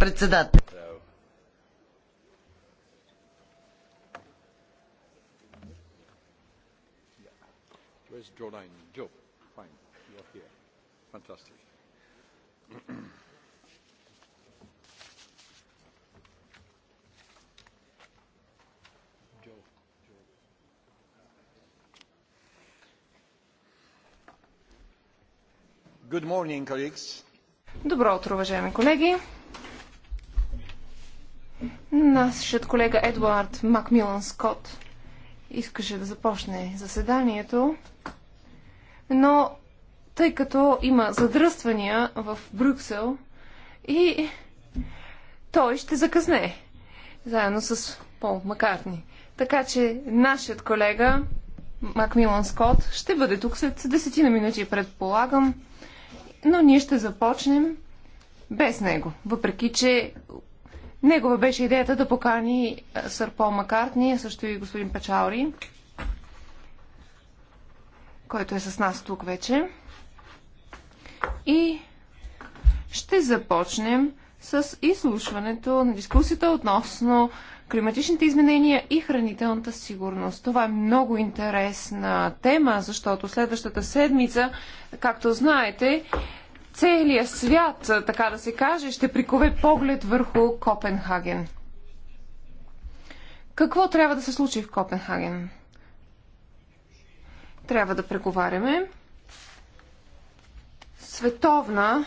Председател. Where's draw line? Joe, fine, you're here. Fantastic. Good morning, colleagues. Добро утро, уважаеми колеги. Нашият колега Едуард Макмилан Скот искаше да започне заседанието, но тъй като има задръствания в Брюксел и той ще закъсне заедно с Пол Макартни. Така че нашият колега Макмилан Скот ще бъде тук след десетина минути, предполагам. Но ние ще започнем без него. Въпреки, че негова беше идеята да покани сър Пол Маккартни, също и господин Печаури, който е с нас тук вече. И ще започнем с изслушването на дискусията относно климатичните изменения и хранителната сигурност. Това е много интересна тема, защото следващата седмица, както знаете, целия свят, така да се каже, ще прикове поглед върху Копенхаген. Какво трябва да се случи в Копенхаген? Трябва да преговаряме. Световна,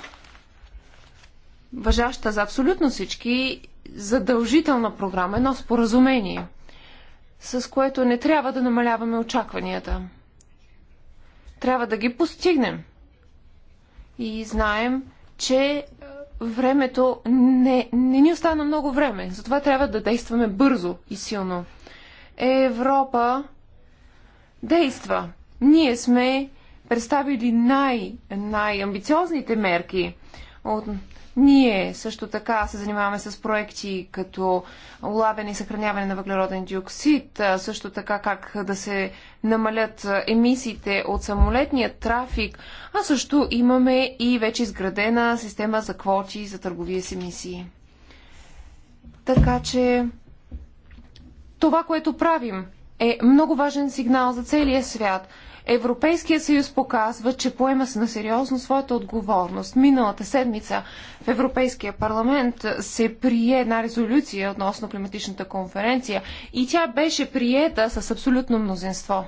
въжаща за абсолютно всички, задължителна програма, едно споразумение, с което не трябва да намаляваме очакванията. Трябва да ги постигнем – и знаем, че е, времето не, не ни остана много време. Затова трябва да действаме бързо и силно. Европа действа. Ние сме представили най- най-амбициозните мерки от ние също така се занимаваме с проекти като улавяне и съхраняване на въглероден диоксид, също така как да се намалят емисиите от самолетния трафик, а също имаме и вече изградена система за квоти за търговия с емисии. Така че това, което правим, е много важен сигнал за целия свят – Европейския съюз показва, че поема се на сериозно своята отговорност. Миналата седмица в Европейския парламент се прие една резолюция относно климатичната конференция и тя беше приета с абсолютно мнозинство.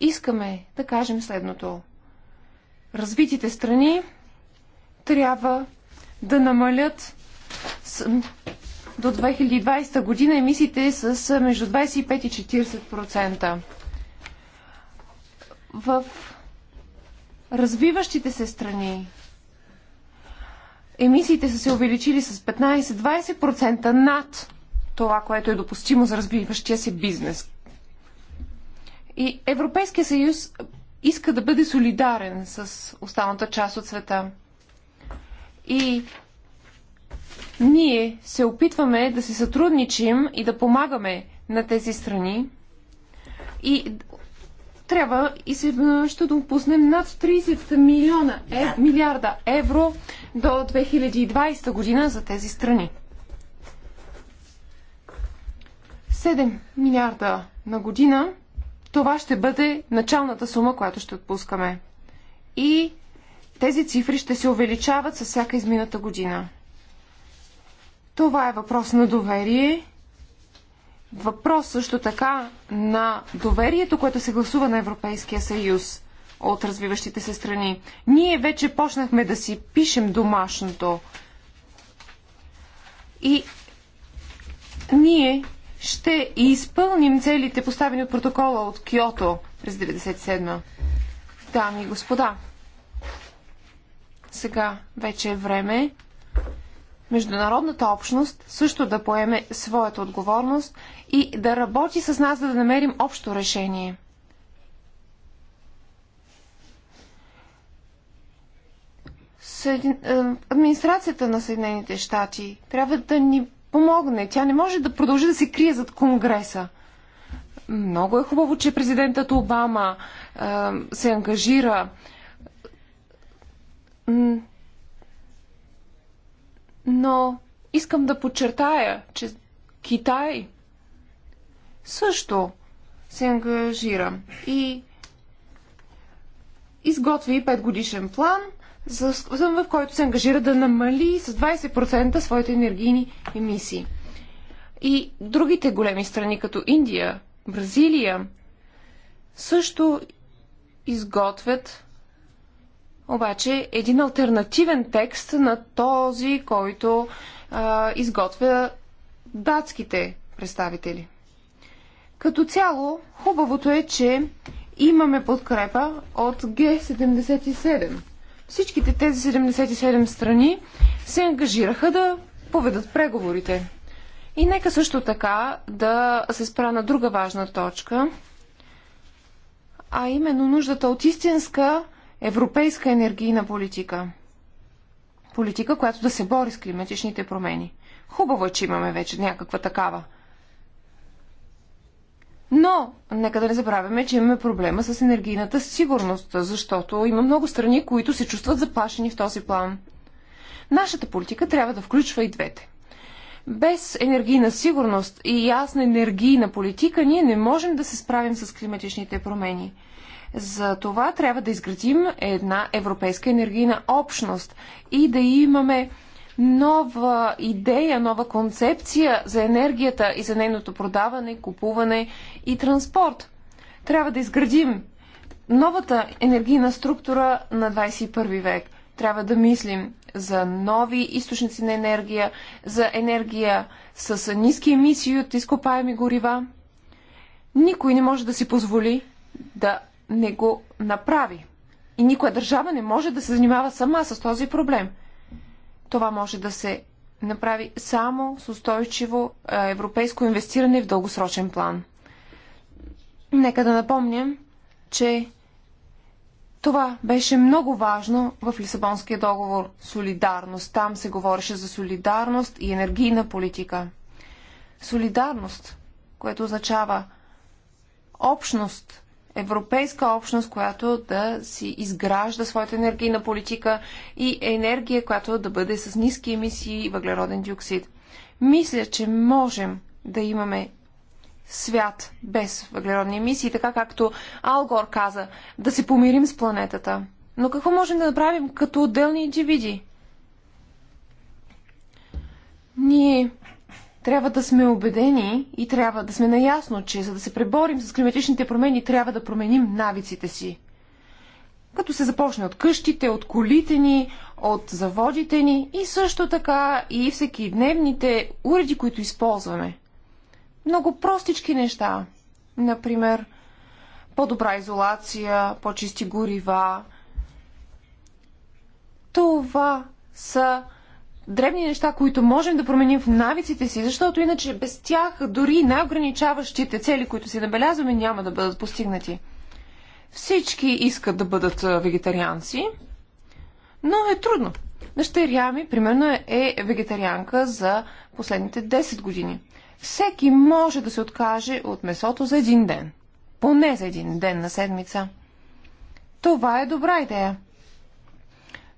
Искаме да кажем следното. Развитите страни трябва да намалят до 2020 година емисиите с между 25 и 40%. В развиващите се страни емисиите са се увеличили с 15-20% над това, което е допустимо за развиващия се бизнес. И Европейския съюз иска да бъде солидарен с останата част от света. И ние се опитваме да се сътрудничим и да помагаме на тези страни и трябва и се, ще допуснем над 30 милиона, е, милиарда евро до 2020 година за тези страни. 7 милиарда на година това ще бъде началната сума, която ще отпускаме. И тези цифри ще се увеличават със всяка измината година. Това е въпрос на доверие. Въпрос също така на доверието, което се гласува на Европейския съюз от развиващите се страни. Ние вече почнахме да си пишем домашното. И ние ще изпълним целите поставени от протокола от Киото през 97 Дами и господа, сега вече е време международната общност също да поеме своята отговорност и да работи с нас, за да намерим общо решение. Е, администрацията на Съединените щати трябва да ни помогне. Тя не може да продължи да се крие зад Конгреса. Много е хубаво, че президентът Обама е, се ангажира но искам да подчертая, че Китай също се ангажира и изготви 5 годишен план, в който се ангажира да намали с 20% своите енергийни емисии. И другите големи страни, като Индия, Бразилия, също изготвят обаче един альтернативен текст на този, който а, изготвя датските представители. Като цяло, хубавото е, че имаме подкрепа от Г77. Всичките тези 77 страни се ангажираха да поведат преговорите. И нека също така да се спра на друга важна точка, а именно нуждата от истинска европейска енергийна политика. Политика, която да се бори с климатичните промени. Хубаво е, че имаме вече някаква такава. Но, нека да не забравяме, че имаме проблема с енергийната сигурност, защото има много страни, които се чувстват заплашени в този план. Нашата политика трябва да включва и двете. Без енергийна сигурност и ясна енергийна политика ние не можем да се справим с климатичните промени – за това трябва да изградим една европейска енергийна общност и да имаме нова идея, нова концепция за енергията и за нейното продаване, купуване и транспорт. Трябва да изградим новата енергийна структура на 21 век. Трябва да мислим за нови източници на енергия, за енергия с ниски емисии от изкопаеми горива. Никой не може да си позволи да не го направи. И никоя държава не може да се занимава сама с този проблем. Това може да се направи само с устойчиво е, европейско инвестиране в дългосрочен план. Нека да напомням, че това беше много важно в Лисабонския договор солидарност. Там се говореше за солидарност и енергийна политика. Солидарност, което означава общност европейска общност, която да си изгражда своята енергийна политика и енергия, която да бъде с ниски емисии и въглероден диоксид. Мисля, че можем да имаме свят без въглеродни емисии, така както Алгор каза, да се помирим с планетата. Но какво можем да направим като отделни индивиди? Ние трябва да сме убедени и трябва да сме наясно, че за да се преборим с климатичните промени, трябва да променим навиците си. Като се започне от къщите, от колите ни, от заводите ни и също така и всеки дневните уреди, които използваме. Много простички неща. Например, по-добра изолация, по-чисти горива. Това са древни неща, които можем да променим в навиците си, защото иначе без тях дори най-ограничаващите цели, които си набелязваме, няма да бъдат постигнати. Всички искат да бъдат вегетарианци, но е трудно. Дъщеря ми, примерно, е вегетарианка за последните 10 години. Всеки може да се откаже от месото за един ден. Поне за един ден на седмица. Това е добра идея.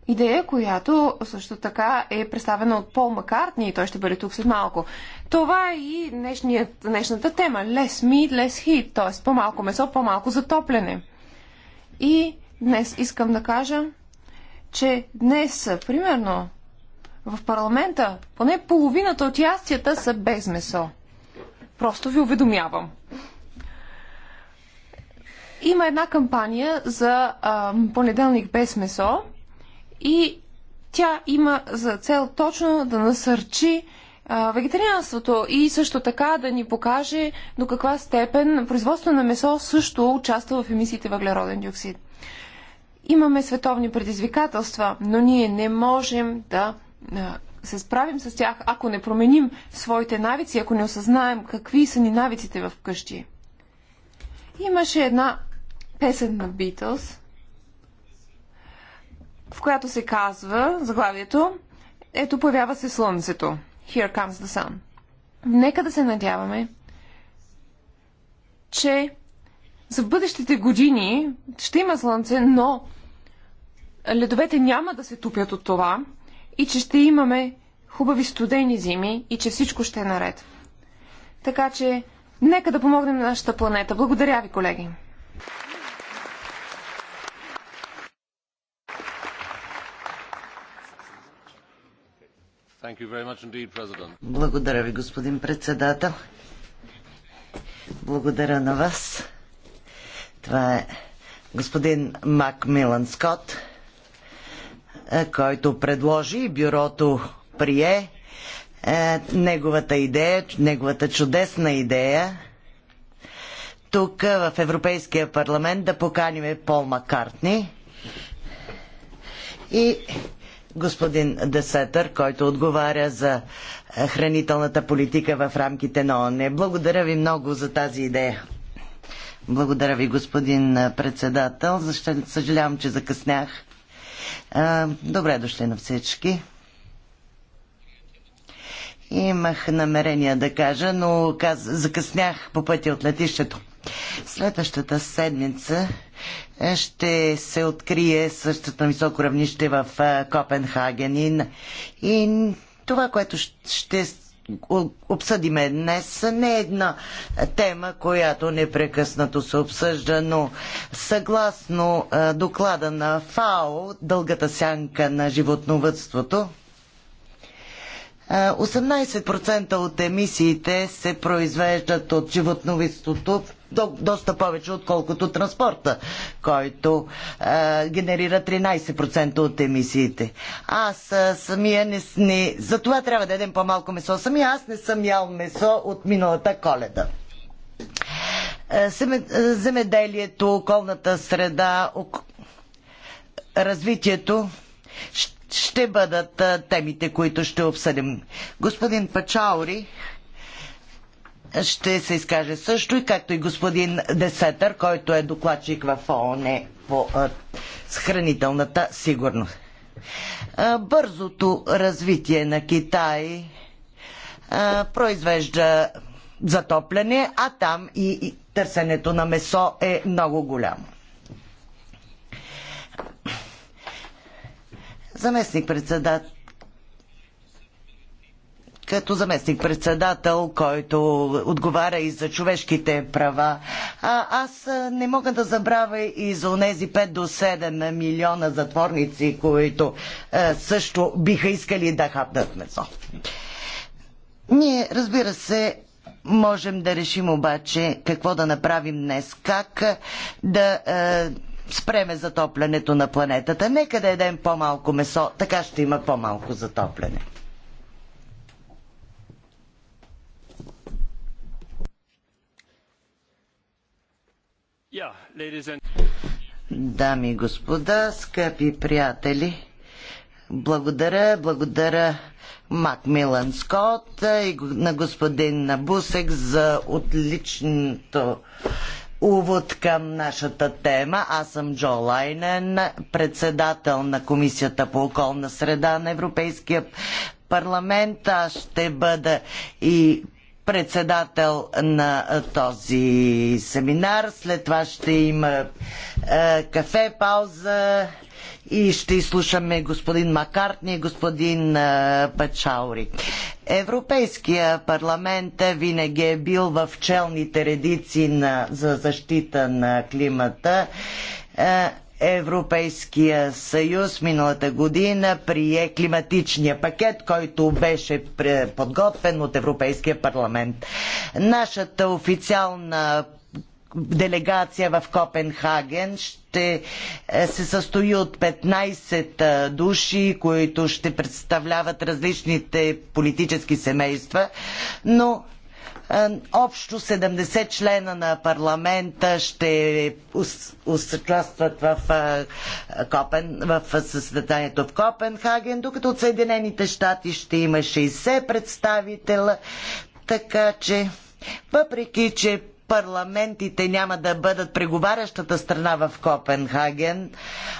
Идея, която също така е представена от Пол Маккартни и той ще бъде тук след малко. Това е и днешният, днешната тема. Less meat, less heat, т.е. по-малко месо, по-малко затопляне. И днес искам да кажа, че днес, примерно, в парламента поне половината от ястията са без месо. Просто ви уведомявам. Има една кампания за а, понеделник без месо – и тя има за цел точно да насърчи вегетарианството и също така да ни покаже до каква степен производство на месо също участва в емисиите въглероден диоксид. Имаме световни предизвикателства, но ние не можем да се справим с тях, ако не променим своите навици, ако не осъзнаем какви са ни навиците в къщи. Имаше една песен на Битлз, в която се казва заглавието Ето появява се слънцето. Here comes the sun. Нека да се надяваме, че за бъдещите години ще има слънце, но ледовете няма да се тупят от това и че ще имаме хубави студени зими и че всичко ще е наред. Така че, нека да помогнем на нашата планета. Благодаря ви, колеги! Благодаря ви, господин председател. Благодаря на вас. Това е господин Мак Милан Скот, е, който предложи и бюрото прие е, неговата идея, неговата чудесна идея тук в Европейския парламент да поканиме Пол Маккартни и господин Десетър, който отговаря за е, хранителната политика в рамките на ООН. Благодаря ви много за тази идея. Благодаря ви, господин е, председател. Защо, съжалявам, че закъснях. Е, добре дошли на всички. Имах намерение да кажа, но каз... закъснях по пътя от летището. Следващата седмица е, ще се открие същата високо равнище в е, Копенхаген и, и това, което ще обсъдиме днес, не е една тема, която непрекъснато се обсъжда, но съгласно е, доклада на ФАО, дългата сянка на животновътството, 18% от емисиите се произвеждат от животновидството, доста повече отколкото транспорта, който генерира 13% от емисиите. Аз е, самия не, не... За това трябва да ядем по-малко месо. Самия аз не съм ял месо от миналата коледа. земеделието, околната среда, ок... развитието ще ще бъдат темите, които ще обсъдим. Господин Пачаури ще се изкаже също и както и господин Десетър, който е докладчик в ООН по хранителната сигурност. Бързото развитие на Китай произвежда затопляне, а там и търсенето на месо е много голямо. заместник председател като заместник-председател, който отговаря и за човешките права. А, аз не мога да забравя и за онези 5 до 7 милиона затворници, които е, също биха искали да хапнат месо. Ние, разбира се, можем да решим обаче какво да направим днес, как да. Е, спреме затоплянето на планетата. Нека да едем по-малко месо, така ще има по-малко затопляне. Дами и господа, скъпи приятели, благодаря, благодаря Макмилан Скот и на господин Набусек за отличното увод към нашата тема. Аз съм Джо Лайнен, председател на Комисията по околна среда на Европейския парламент. Аз ще бъда и председател на този семинар. След това ще има кафе, пауза и ще изслушаме господин Макартни и господин Пачаури. Европейския парламент е винаги е бил в челните редици на, за защита на климата. Европейския съюз миналата година прие климатичния пакет, който беше подготвен от Европейския парламент. Нашата официална делегация в Копенхаген ще е, се състои от 15 е, души, които ще представляват различните политически семейства, но е, общо 70 члена на парламента ще участват в, е, Копен, в съседанието в Копенхаген, докато от Съединените щати ще има 60 представителя. Така че, въпреки че парламентите няма да бъдат преговарящата страна в Копенхаген,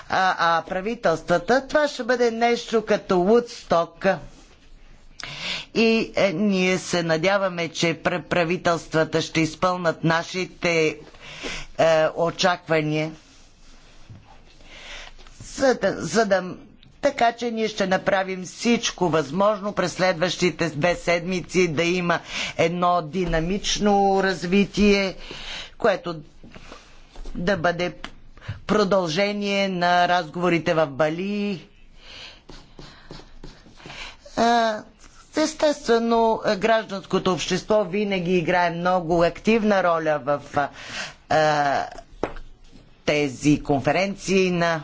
а, а правителствата, това ще бъде нещо като Woodstock и е, ние се надяваме, че правителствата ще изпълнат нашите е, очаквания, за да, за да така че ние ще направим всичко възможно през следващите две седмици да има едно динамично развитие, което да бъде продължение на разговорите в Бали. Естествено, гражданското общество винаги играе много активна роля в а, тези конференции на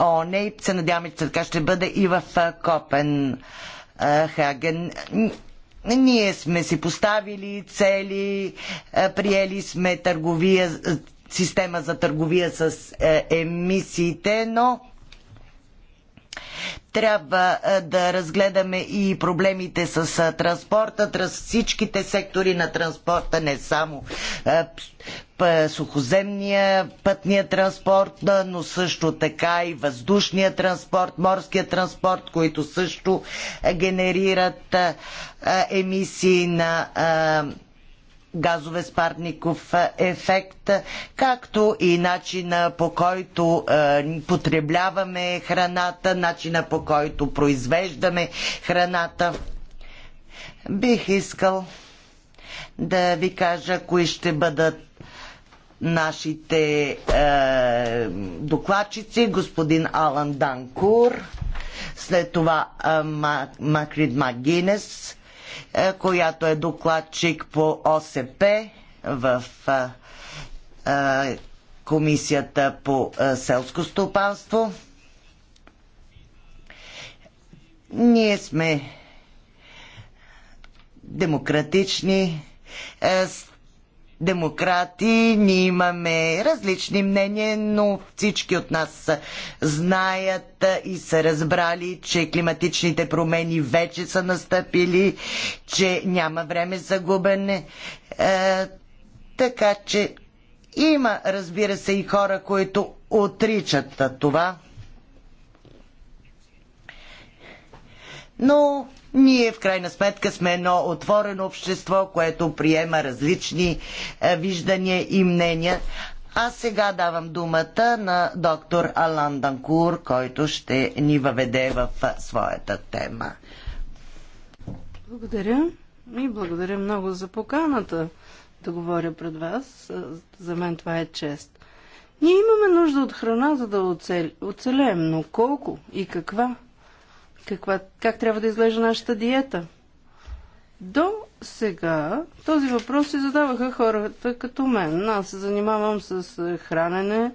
ООН и се надяваме, че така ще бъде и в Копенхаген. Ние сме си поставили цели, приели сме търговия, система за търговия с емисиите, но трябва е, да разгледаме и проблемите с е, транспорта, всичките сектори на транспорта, не само е, сухоземния пътния транспорт, но също така и въздушния транспорт, морския транспорт, които също генерират емисии на газове с парников е, ефект, както и начина по който е, потребляваме храната, начина по който произвеждаме храната. Бих искал да ви кажа кои ще бъдат нашите е, докладчици, господин Алан Данкур, след това е, Макрид Магинес, е, която е докладчик по ОСП в е, е, Комисията по селско стопанство. Ние сме демократични, демократи, ние имаме различни мнения, но всички от нас знаят и са разбрали, че климатичните промени вече са настъпили, че няма време за губене. Е, така че има, разбира се, и хора, които отричат това. Но ние в крайна сметка сме едно отворено общество, което приема различни е, виждания и мнения. А сега давам думата на доктор Алан Данкур, който ще ни въведе в е, своята тема. Благодаря и благодаря много за поканата да говоря пред вас. Е, за мен това е чест. Ние имаме нужда от храна, за да оцелеем, но колко и каква – каква, как трябва да изглежда нашата диета. До сега този въпрос се задаваха хората като мен. Аз се занимавам с хранене.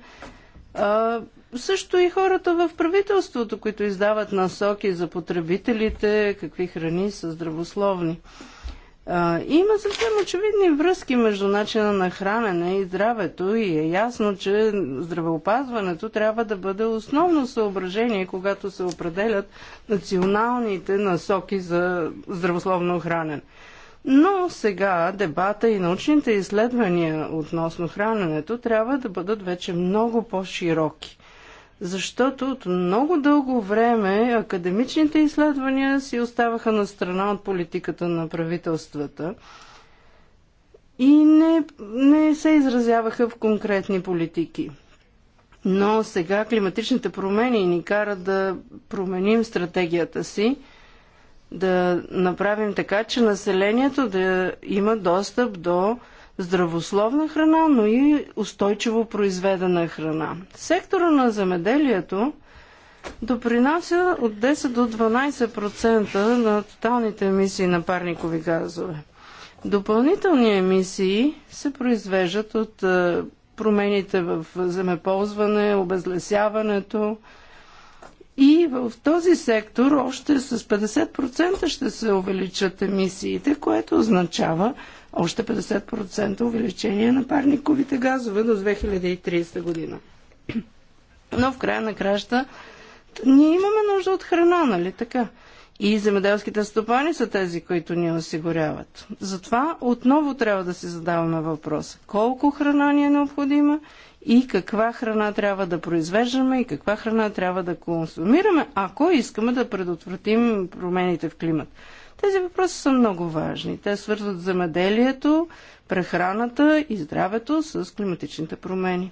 А, също и хората в правителството, които издават насоки за потребителите, какви храни са здравословни. Има съвсем очевидни връзки между начина на хранене и здравето и е ясно, че здравеопазването трябва да бъде основно съображение, когато се определят националните насоки за здравословно хранене. Но сега дебата и научните изследвания относно храненето трябва да бъдат вече много по-широки защото от много дълго време академичните изследвания си оставаха на страна от политиката на правителствата и не, не се изразяваха в конкретни политики. Но сега климатичните промени ни карат да променим стратегията си, да направим така, че населението да има достъп до здравословна храна, но и устойчиво произведена храна. Сектора на земеделието допринася от 10 до 12% на тоталните емисии на парникови газове. Допълнителни емисии се произвеждат от е, промените в земеползване, обезлесяването, и в този сектор още с 50% ще се увеличат емисиите, което означава още 50% увеличение на парниковите газове до 2030 година. Но в края на краща ние имаме нужда от храна, нали така? И земеделските стопани са тези, които ни осигуряват. Затова отново трябва да си задаваме въпроса. Колко храна ни е необходима и каква храна трябва да произвеждаме и каква храна трябва да консумираме, ако искаме да предотвратим промените в климат. Тези въпроси са много важни. Те свързват земеделието, прехраната и здравето с климатичните промени.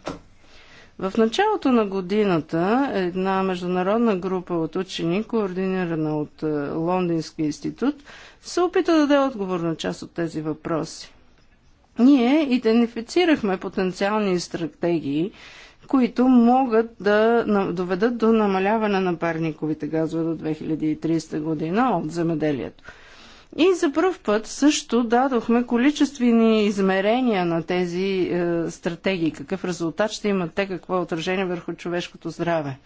В началото на годината една международна група от учени, координирана от е, Лондонския институт, се опита да даде отговор на част от тези въпроси. Ние идентифицирахме потенциални стратегии, които могат да доведат до намаляване на парниковите газове до 2030 година от земеделието. И за първ път също дадохме количествени измерения на тези е, стратегии, какъв резултат ще имат те, какво е отражение върху човешкото здраве.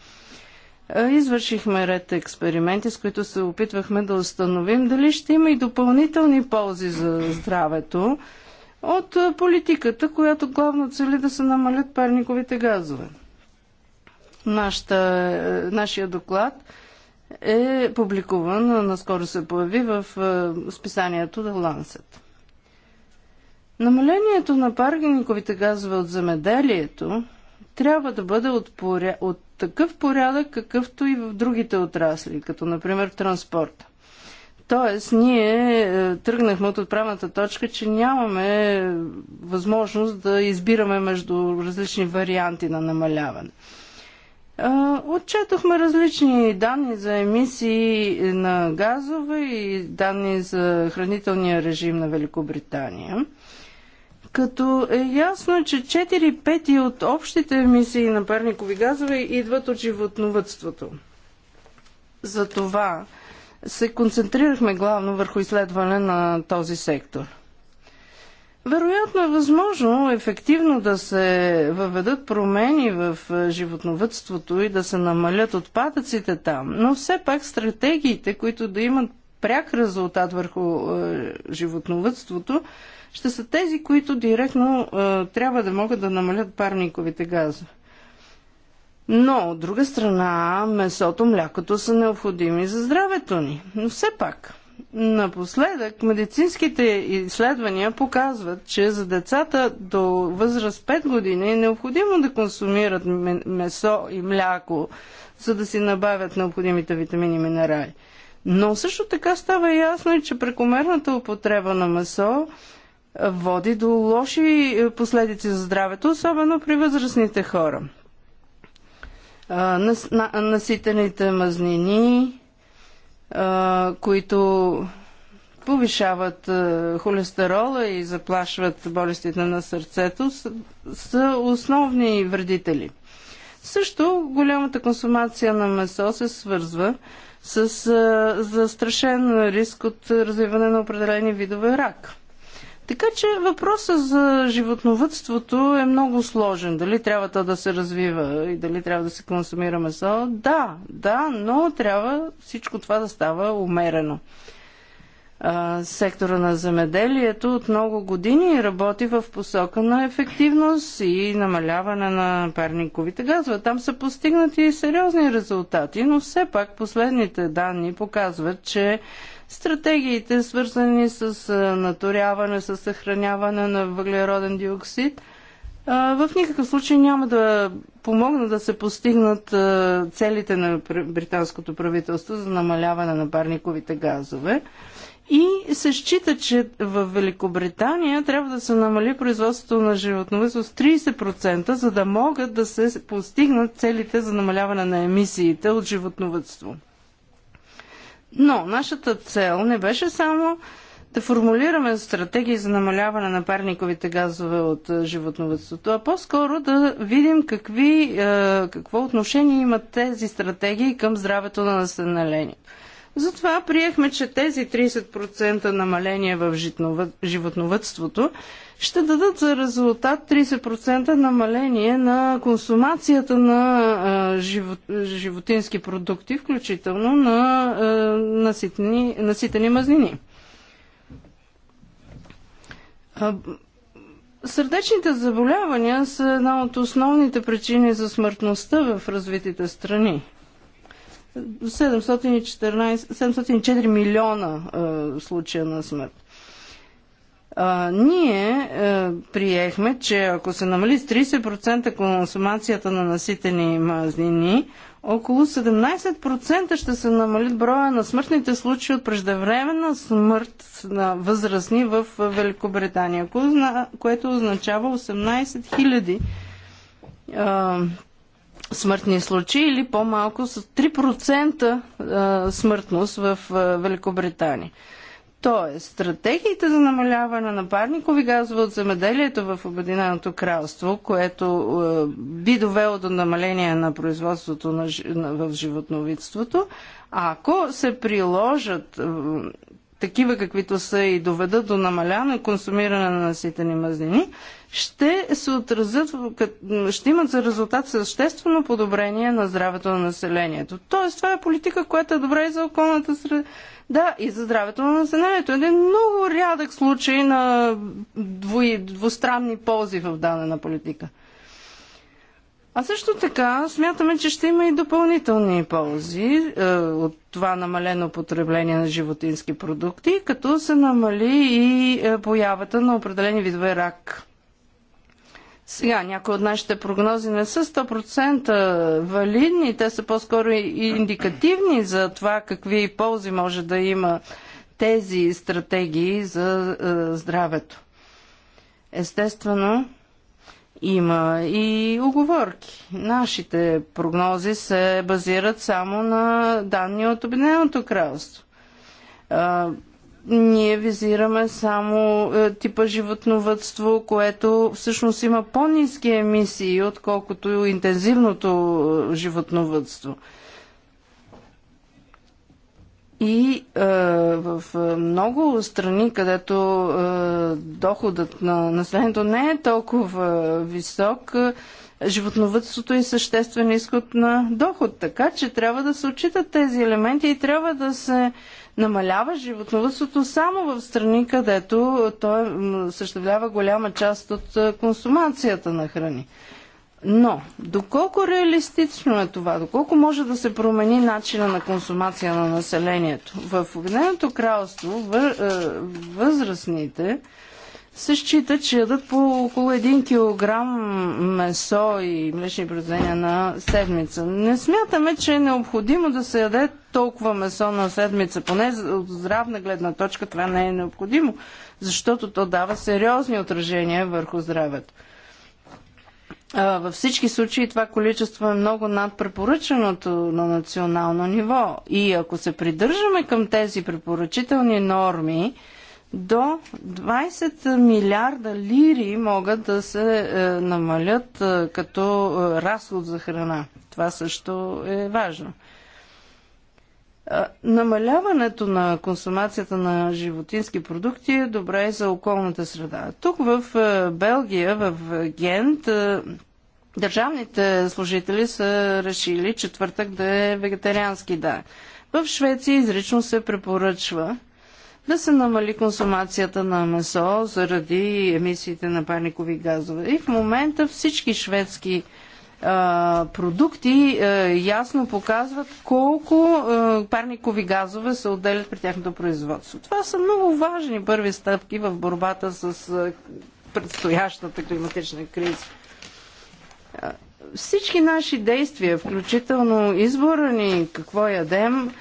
Е, извършихме ред експерименти, с които се опитвахме да установим дали ще има и допълнителни ползи за здравето, от политиката, която главно цели да се намалят парниковите газове. Нашата, е, нашия доклад е публикуван, наскоро се появи в списанието The Lancet. Намалението на парниковите газове от земеделието трябва да бъде от, поря... от такъв порядък, какъвто и в другите отрасли, като например транспорта. Тоест, ние е, тръгнахме от отправната точка, че нямаме възможност да избираме между различни варианти на намаляване. Отчетохме различни данни за емисии на газове и данни за хранителния режим на Великобритания. Като е ясно, че 4 пети от общите емисии на парникови газове идват от животновътството. Затова това се концентрирахме главно върху изследване на този сектор. Вероятно е възможно ефективно да се въведат промени в е, животновътството и да се намалят отпадъците там, но все пак стратегиите, които да имат пряк резултат върху е, животновътството, ще са тези, които директно е, трябва да могат да намалят парниковите газове. Но, от друга страна, месото, млякото са необходими за здравето ни. Но все пак, напоследък медицинските изследвания показват, че за децата до възраст 5 години е необходимо да консумират месо и мляко, за да си набавят необходимите витамини и минерали. Но също така става ясно и, че прекомерната употреба на месо води до лоши е, последици за здравето, особено при възрастните хора наситените мазнини, които повишават холестерола и заплашват болестите на сърцето, са основни вредители. Също голямата консумация на месо се свързва с застрашен риск от развиване на определени видове рак – така че въпросът за животновътството е много сложен. Дали трябва то да се развива и дали трябва да се консумира месо? Да, да, но трябва всичко това да става умерено. А, сектора на земеделието от много години работи в посока на ефективност и намаляване на парниковите газове. Там са постигнати сериозни резултати, но все пак последните данни показват, че стратегиите, свързани с наторяване, с съхраняване на въглероден диоксид, в никакъв случай няма да помогна да се постигнат целите на британското правителство за намаляване на парниковите газове. И се счита, че в Великобритания трябва да се намали производството на животновество с 30%, за да могат да се постигнат целите за намаляване на емисиите от животновътство. Но нашата цел не беше само да формулираме стратегии за намаляване на парниковите газове от е, животновътството, а по-скоро да видим какви, е, какво отношение имат тези стратегии към здравето на населението. Затова приехме, че тези 30% намаление в животновътството ще дадат за резултат 30% намаление на консумацията на живот, животински продукти, включително на наситени, наситени мазнини. Сърдечните заболявания са една от основните причини за смъртността в развитите страни. 714, 704 милиона случая на смърт. А, ние е, приехме, че ако се намали с 30% консумацията на наситени мазнини, около 17% ще се намали броя на смъртните случаи от преждевременна смърт на възрастни в е, Великобритания, което означава 18 000 е, смъртни случаи или по-малко с 3% е, смъртност в Великобритания. Тоест, стратегиите за намаляване на парникови газове от земеделието в Обединеното кралство, което е, би довело до намаление на производството на, в животновидството, ако се приложат е, такива каквито са и доведат до намаляно консумиране на наситени мазнини, ще се отразят, ще имат за резултат съществено подобрение на здравето на населението. Тоест, това е политика, която е добра и за околната среда да, и за здравето на населението. Един много рядък случай на двои, двустранни ползи в дадена политика. А също така смятаме, че ще има и допълнителни ползи е, от това намалено потребление на животински продукти, като се намали и е, появата на определени видове рак. Сега, някои от нашите прогнози не са 100% валидни, те са по-скоро индикативни за това какви ползи може да има тези стратегии за е, здравето. Естествено, има и оговорки. Нашите прогнози се базират само на данни от Обединеното кралство. Е, ние визираме само е, типа животновътство, което всъщност има по-низки емисии, отколкото интензивното е, животновътство. И е, в е, много страни, където е, доходът на населението не е толкова висок, животновътството е съществен изход на доход. Така че трябва да се отчитат тези елементи и трябва да се е, намалява животновътството само в страни, където той съществява голяма част от е, консумацията на храни. Но, доколко реалистично е това? Доколко може да се промени начина на консумация на населението? В Обединеното кралство е, възрастните се счита, че ядат по около 1 кг месо и млечни произведения на седмица. Не смятаме, че е необходимо да се яде толкова месо на седмица. Поне от здравна гледна точка това не е необходимо, защото то дава сериозни отражения върху здравето. Във всички случаи това количество е много над препоръченото на национално ниво. И ако се придържаме към тези препоръчителни норми, до 20 милиарда лири могат да се е, намалят е, като е, разход за храна. Това също е важно. Намаляването на консумацията на животински продукти е добре и за околната среда. Тук в Белгия, в Гент, държавните служители са решили четвъртък да е вегетариански да. В Швеция изрично се препоръчва да се намали консумацията на месо заради емисиите на парникови газове. И в момента всички шведски а, продукти а, ясно показват колко а, парникови газове се отделят при тяхното производство. Това са много важни първи стъпки в борбата с предстоящата климатична криза всички наши действия, включително избора ни, какво ядем,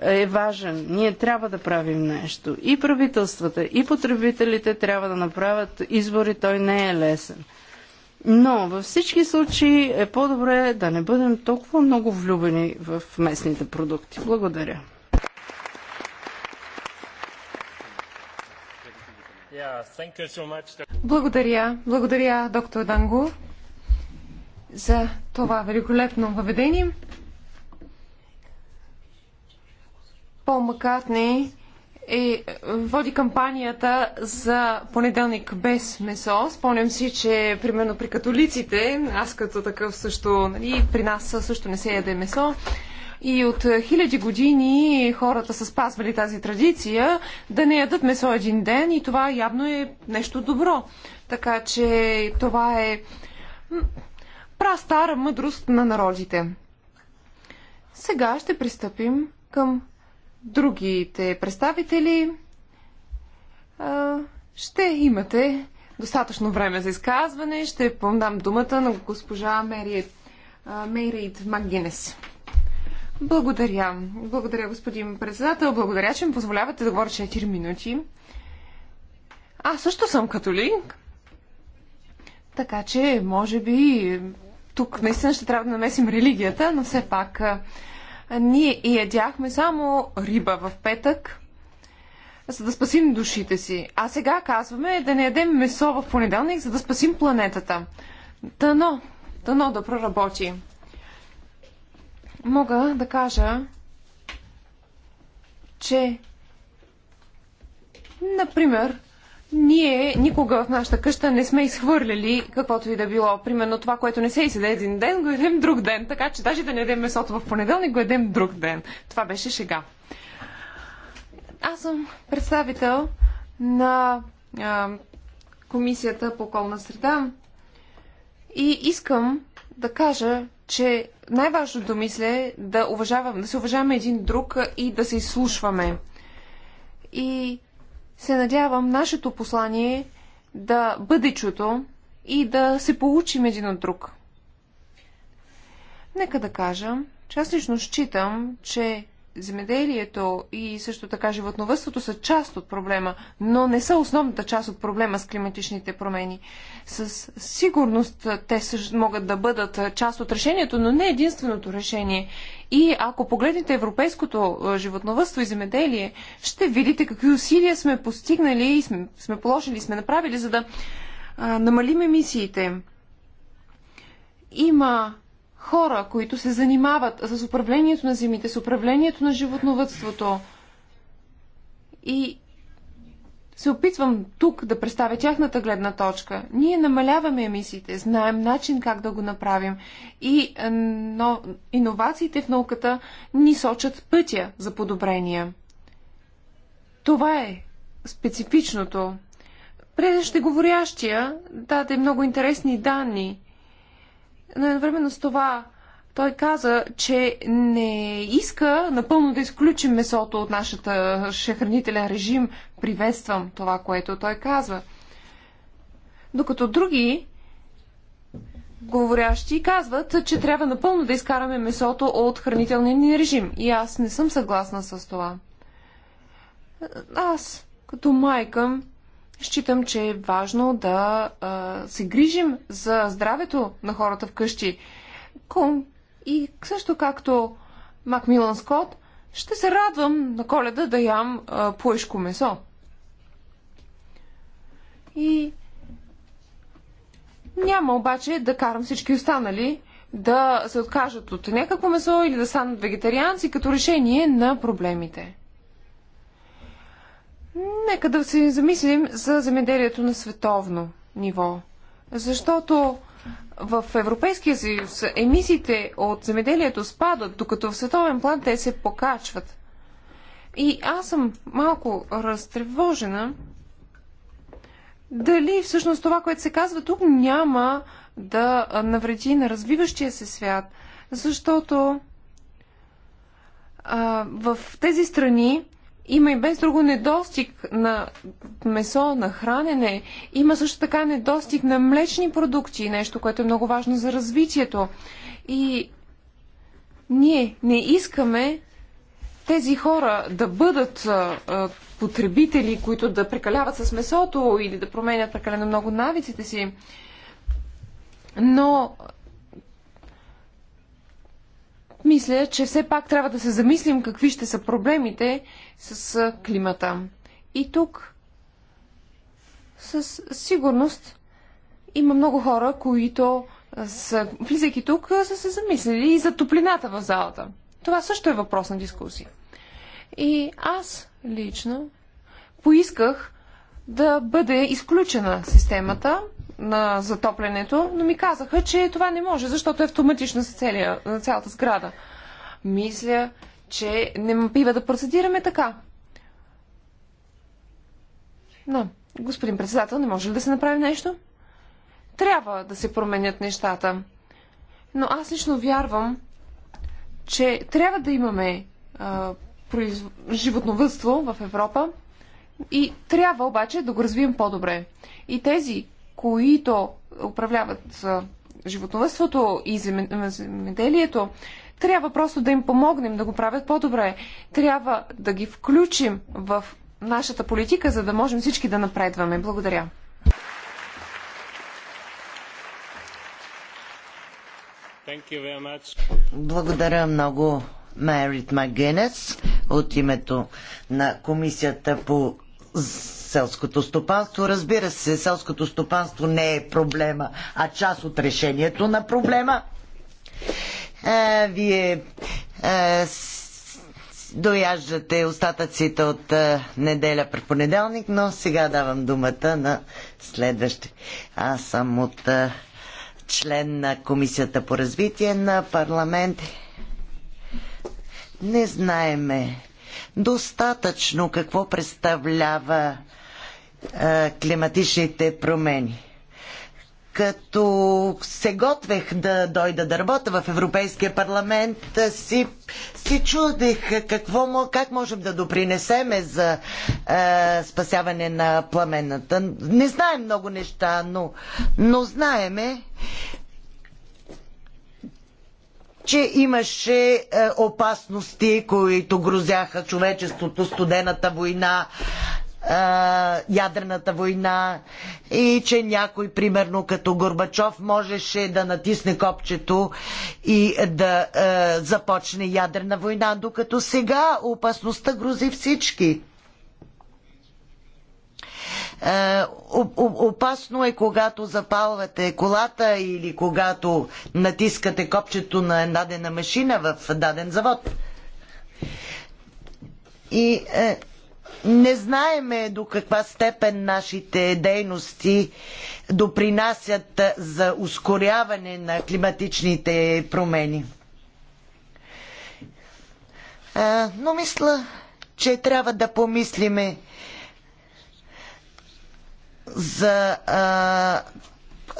е важен. Ние трябва да правим нещо. И правителствата, и потребителите трябва да направят избори. Той не е лесен. Но във всички случаи е по-добре да не бъдем толкова много влюбени в местните продукти. Благодаря. Благодаря, благодаря, доктор Данго, за това великолепно въведение. Пол Маккартни е, води кампанията за понеделник без месо. Спомням си, че примерно при католиците, аз като такъв също, нали, при нас също не се яде месо. И от хиляди години хората са спазвали тази традиция да не ядат месо един ден и това явно е нещо добро. Така че това е пра-стара мъдрост на народите. Сега ще пристъпим към другите представители, ще имате достатъчно време за изказване. Ще помдам думата на госпожа Мериет, Магинес. Благодаря. Благодаря, господин председател. Благодаря, че ми позволявате да говоря 4 минути. Аз също съм католик. Така че, може би, тук наистина ще трябва да намесим религията, но все пак ние ядяхме само риба в петък, за да спасим душите си. А сега казваме да не ядем месо в понеделник, за да спасим планетата. Тано, тано да проработи. Мога да кажа, че, например, ние никога в нашата къща не сме изхвърляли каквото и да било. Примерно това, което не се изяде един ден, го едем друг ден. Така че даже да не едем месото в понеделник, го едем друг ден. Това беше шега. Аз съм представител на а, Комисията по околна среда и искам да кажа, че най-важното мисля е да, уважавам, да се уважаваме един друг и да се изслушваме. И се надявам нашето послание да бъде чуто и да се получим един от друг. Нека да кажа, че аз лично считам, че земеделието и също така животновътството са част от проблема, но не са основната част от проблема с климатичните промени. С сигурност те могат да бъдат част от решението, но не единственото решение. И ако погледнете европейското е, животновътство и земеделие, ще видите какви усилия сме постигнали и сме, сме положили, сме направили, за да а, намалим емисиите. Има хора, които се занимават с управлението на земите, с управлението на животновътството. И се опитвам тук да представя тяхната гледна точка. Ние намаляваме емисиите, знаем начин как да го направим и е, но, иновациите в науката ни сочат пътя за подобрения. Това е специфичното. говорящия даде много интересни данни. Едновременно с това той каза, че не иска напълно да изключим месото от нашата хранителен режим. Приветствам това, което той казва. Докато други говорящи казват, че трябва напълно да изкараме месото от хранителния ни режим. И аз не съм съгласна с това. Аз, като майка, считам, че е важно да а, се грижим за здравето на хората вкъщи. И също както Макмилан Скот, ще се радвам на коледа да ям поешко месо. И няма обаче да карам всички останали да се откажат от някакво месо или да станат вегетарианци като решение на проблемите. Нека да се замислим за земеделието на световно ниво. Защото в Европейския съюз емисиите от земеделието спадат, докато в световен план те се покачват. И аз съм малко разтревожена дали всъщност това, което се казва тук, няма да навреди на развиващия се свят. Защото а, в тези страни има и без друго недостиг на месо, на хранене. Има също така недостиг на млечни продукти, нещо, което е много важно за развитието. И ние не искаме тези хора да бъдат потребители, които да прекаляват с месото или да променят прекалено много навиците си. Но мисля, че все пак трябва да се замислим какви ще са проблемите с климата. И тук със сигурност има много хора, които са, влизайки тук, са се замислили и за топлината в залата. Това също е въпрос на дискусия. И аз лично поисках да бъде изключена системата на затоплянето, но ми казаха, че това не може, защото е автоматично за, целия, за цялата сграда. Мисля, че не бива да процедираме така. Но, господин председател, не може ли да се направи нещо? Трябва да се променят нещата. Но аз лично вярвам, че трябва да имаме а, животновътство в Европа и трябва обаче да го развием по-добре. И тези, които управляват а, животновътството и земеделието, трябва просто да им помогнем да го правят по-добре. Трябва да ги включим в нашата политика, за да можем всички да напредваме. Благодаря. Благодаря много, Мерит Магенес, от името на Комисията по селското стопанство. Разбира се, селското стопанство не е проблема, а част от решението на проблема а, вие а, дояждате остатъците от а, неделя пред понеделник, но сега давам думата на следващи. Аз съм от а, член на Комисията по развитие на парламент. Не знаеме достатъчно какво представлява а, климатичните промени като се готвех да дойда да работя в Европейския парламент, си, си чудех какво, как можем да допринесеме за е, спасяване на пламената. Не знаем много неща, но, но знаеме, че имаше е, опасности, които грозяха човечеството, студената война, ядрената война и че някой, примерно като Горбачов, можеше да натисне копчето и да а, започне ядрена война, докато сега опасността грози всички. Опасно е, когато запалвате колата или когато натискате копчето на една дадена машина в даден завод. И е, не знаеме до каква степен нашите дейности допринасят за ускоряване на климатичните промени. но мисля, че трябва да помислиме за а,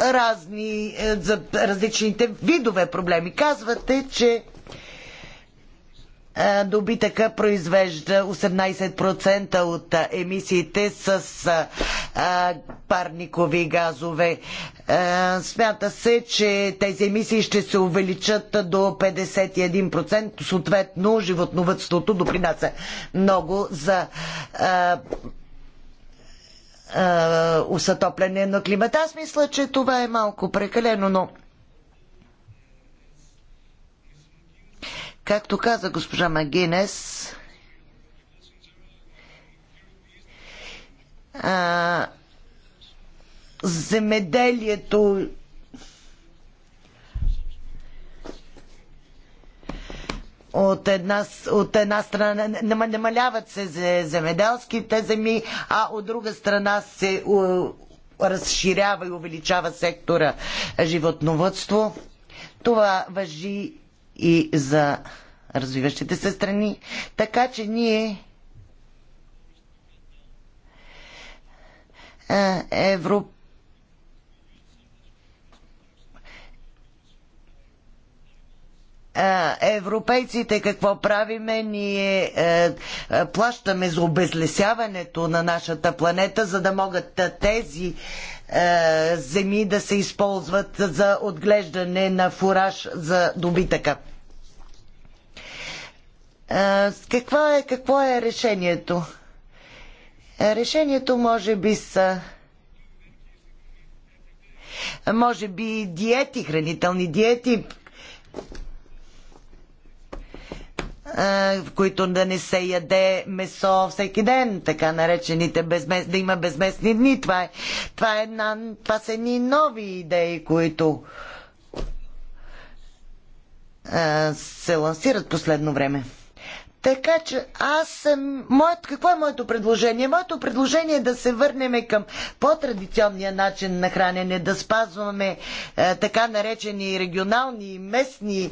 разни, е, за различните видове проблеми. Казвате, че е, добитъка произвежда 18% от е, емисиите с е, парникови газове. Смята се, че тези емисии ще се увеличат до 51%. Съответно, животновътството допринася много за усътопляне на климата. Аз мисля, че това е малко прекалено, но Както каза госпожа Магинес, а, земеделието от една, от една страна намаляват се земеделските земи, а от друга страна се у, разширява и увеличава сектора животновътство. Това въжи и за развиващите се страни. Така че ние е, Европа е, европейците какво правиме? Ние е, е, плащаме за обезлесяването на нашата планета, за да могат тези е, земи да се използват за отглеждане на фураж за добитъка. Е, какво е, какво е решението? Решението може би са може би диети, хранителни диети, в които да не се яде месо всеки ден, така наречените безмест, да има безместни дни. Това, е, това, е една, това са едни нови идеи, които се лансират последно време. Така че аз съм... Моят... Какво е моето предложение? Моето предложение е да се върнем към по-традиционния начин на хранене, да спазваме е, така наречени регионални и местни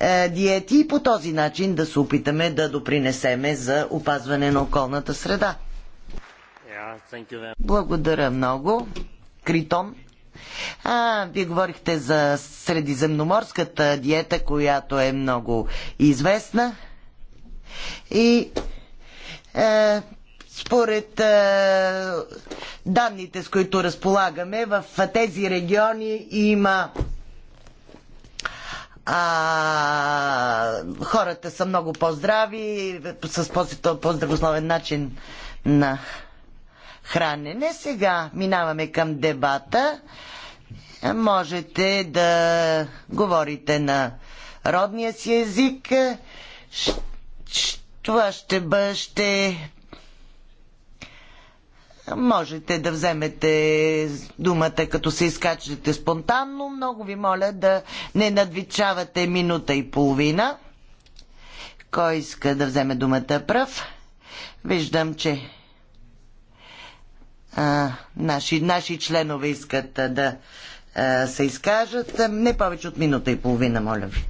е, диети и по този начин да се опитаме да допринесеме за опазване на околната среда. Благодаря много. Критон. А, вие говорихте за средиземноморската диета, която е много известна и е, според е, данните, с които разполагаме, в тези региони има а, хората са много по-здрави, с по-здравословен начин на хранене. Сега минаваме към дебата. Можете да говорите на родния си език. Ще това ще бъде, ще можете да вземете думата, като се изкачате спонтанно. Много ви моля да не надвичавате минута и половина. Кой иска да вземе думата пръв? Виждам, че а, наши, наши членове искат да а, се изкажат. Не повече от минута и половина, моля ви.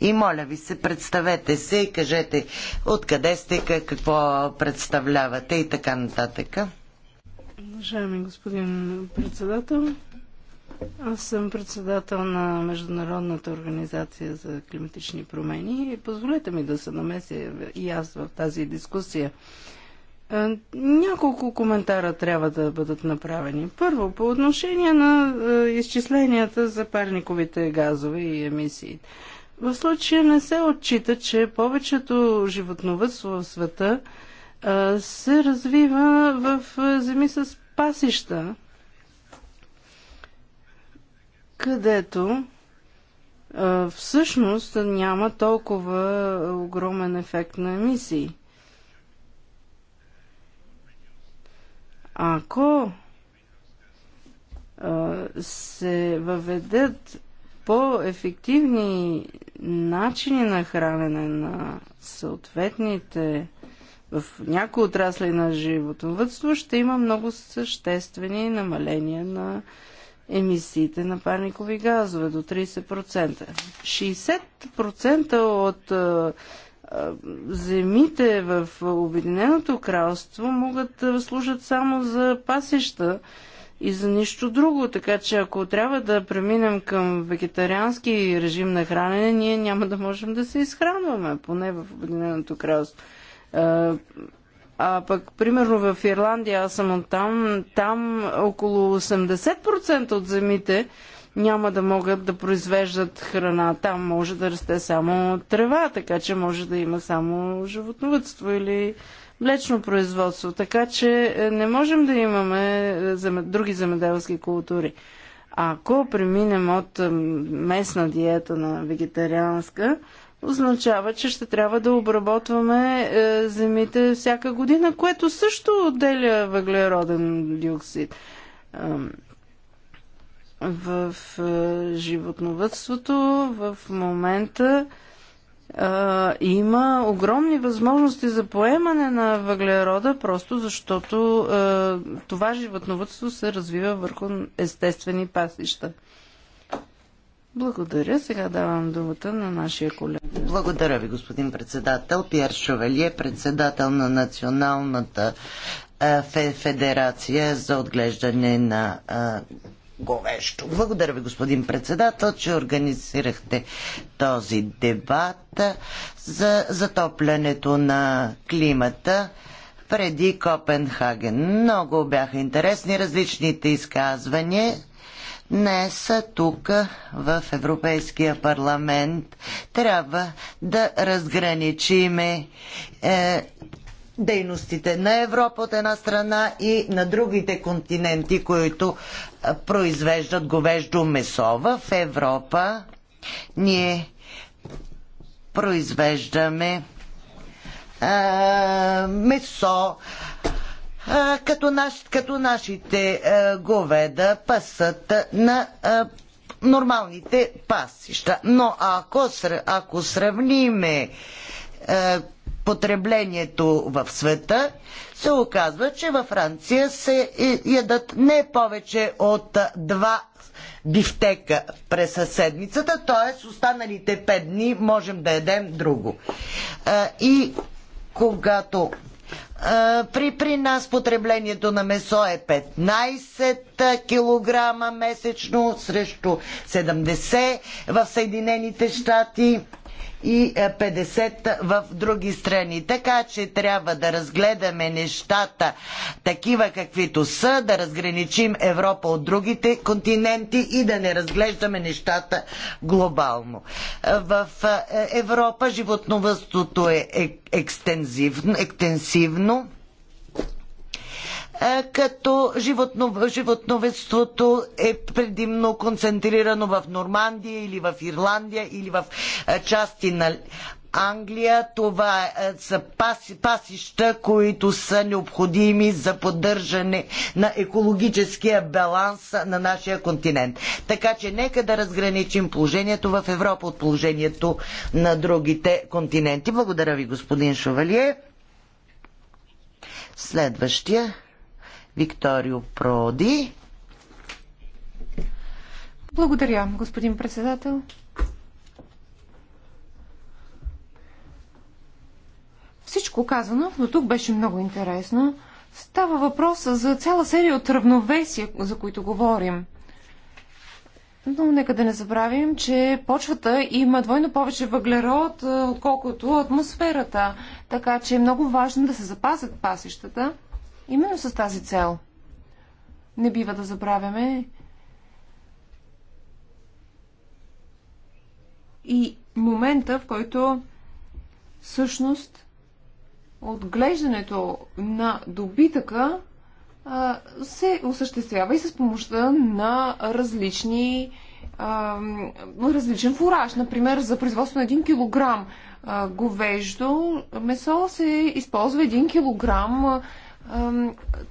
И моля ви се, представете се и кажете откъде сте, какво представлявате и така нататък. Уважаеми господин председател, аз съм председател на Международната организация за климатични промени и позволете ми да се намеся и аз в тази дискусия. Е, няколко коментара трябва да бъдат направени. Първо, по отношение на е, изчисленията за парниковите газове и емисиите. В случая не се отчита, че повечето животновътство в света се развива в земи с пасища, където всъщност няма толкова огромен ефект на емисии. Ако се въведат по-ефективни начини на хранене на съответните в някои отрасли на животновътство ще има много съществени намаления на емисиите на парникови газове до 30%. 60% от земите в Обединеното кралство могат да служат само за пасища и за нищо друго. Така че ако трябва да преминем към вегетариански режим на хранене, ние няма да можем да се изхранваме, поне в Обединеното кралство. А пък, примерно в Ирландия, аз съм от там, там около 80% от земите няма да могат да произвеждат храна. Там може да расте само трева, така че може да има само животновътство или млечно производство, така че е, не можем да имаме е, други земеделски култури. Ако преминем от местна диета на вегетарианска, означава, че ще трябва да обработваме е, земите всяка година, което също отделя въглероден диоксид. В животновътството в момента а, има огромни възможности за поемане на въглерода, просто защото а, това животновътство се развива върху естествени пасища. Благодаря. Сега давам думата на нашия колега. Благодаря ви, господин председател. Пьер е, председател на Националната федерация за отглеждане на говещо. Благодаря ви, господин председател, че организирахте този дебат за затоплянето на климата преди Копенхаген. Много бяха интересни различните изказвания. Днес тук в Европейския парламент трябва да разграничиме е, дейностите на Европа от една страна и на другите континенти, които произвеждат говеждо месо. В Европа ние произвеждаме а, месо, а, като, наш, като нашите а, говеда пасат на а, нормалните пасища. Но ако, ако сравниме потреблението в света, се оказва, че във Франция се е, ядат не повече от два бифтека през седмицата, т.е. останалите пет дни можем да едем друго. И когато при, при нас потреблението на месо е 15 кг месечно срещу 70 в Съединените щати и 50 е, в други страни. Така че трябва да разгледаме нещата такива каквито са, да разграничим Европа от другите континенти и да не разглеждаме нещата глобално. Е, в е, Европа животновъдството е екстензивно, екстенсивно като животно, е предимно концентрирано в Нормандия или в Ирландия или в части на Англия. Това са паси, пасища, които са необходими за поддържане на екологическия баланс на нашия континент. Така че нека да разграничим положението в Европа от положението на другите континенти. Благодаря ви, господин Шовалие. Следващия. Викторио Проди. Благодаря, господин председател. Всичко казано, но тук беше много интересно. Става въпрос за цяла серия от равновесия, за които говорим. Но нека да не забравим, че почвата има двойно повече въглерод, отколкото атмосферата. Така че е много важно да се запазят пасищата Именно с тази цел. Не бива да забравяме и момента, в който всъщност отглеждането на добитъка се осъществява и с помощта на различни различен фураж. Например, за производство на 1 кг говеждо месо се използва 1 кг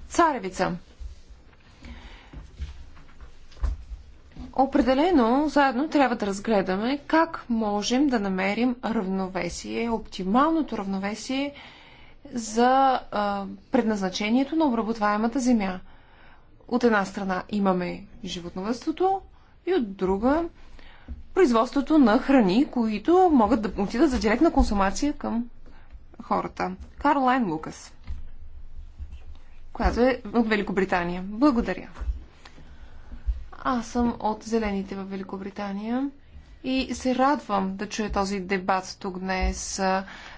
царевица. Определено, заедно трябва да разгледаме как можем да намерим равновесие, оптималното равновесие за а, предназначението на обработваемата земя. От една страна имаме животновътството и от друга производството на храни, които могат да отидат за директна консумация към хората. Карлайн Лукас която е от Великобритания. Благодаря. Аз съм от Зелените в Великобритания и се радвам да чуя този дебат тук днес,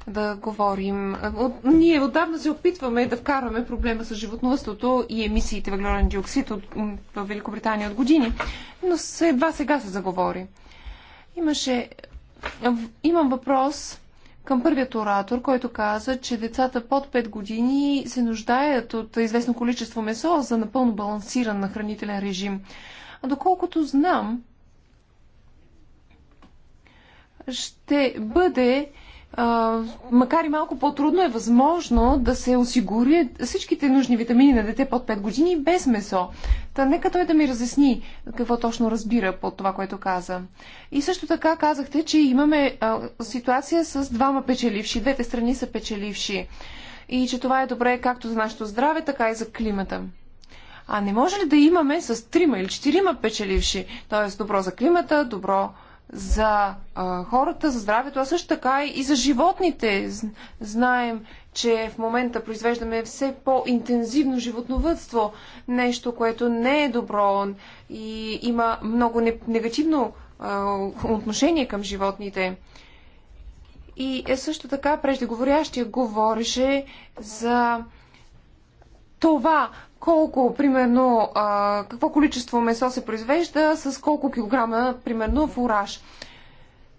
да говорим. От, ние отдавна се опитваме да вкараме проблема с животновъдството и емисиите въглероден диоксид от, в Великобритания от години, но едва сега се заговори. Имаше. Имам въпрос към първият оратор, който каза, че децата под 5 години се нуждаят от известно количество месо за напълно балансиран на хранителен режим. А доколкото знам, ще бъде а, макар и малко по-трудно е възможно да се осигури всичките нужни витамини на дете под 5 години без месо. Та нека той да ми разясни какво точно разбира под това, което каза. И също така казахте, че имаме а, ситуация с двама печеливши. Двете страни са печеливши. И че това е добре както за нашето здраве, така и за климата. А не може ли да имаме с трима или четирима печеливши? Тоест добро за климата, добро за а, хората, за здравето, а също така и за животните. Знаем, че в момента произвеждаме все по-интензивно животновътство, нещо, което не е добро и има много негативно а, отношение към животните. И е също така преждеговорящия говореше за това колко, примерно, а, какво количество месо се произвежда, с колко килограма, примерно, фураж.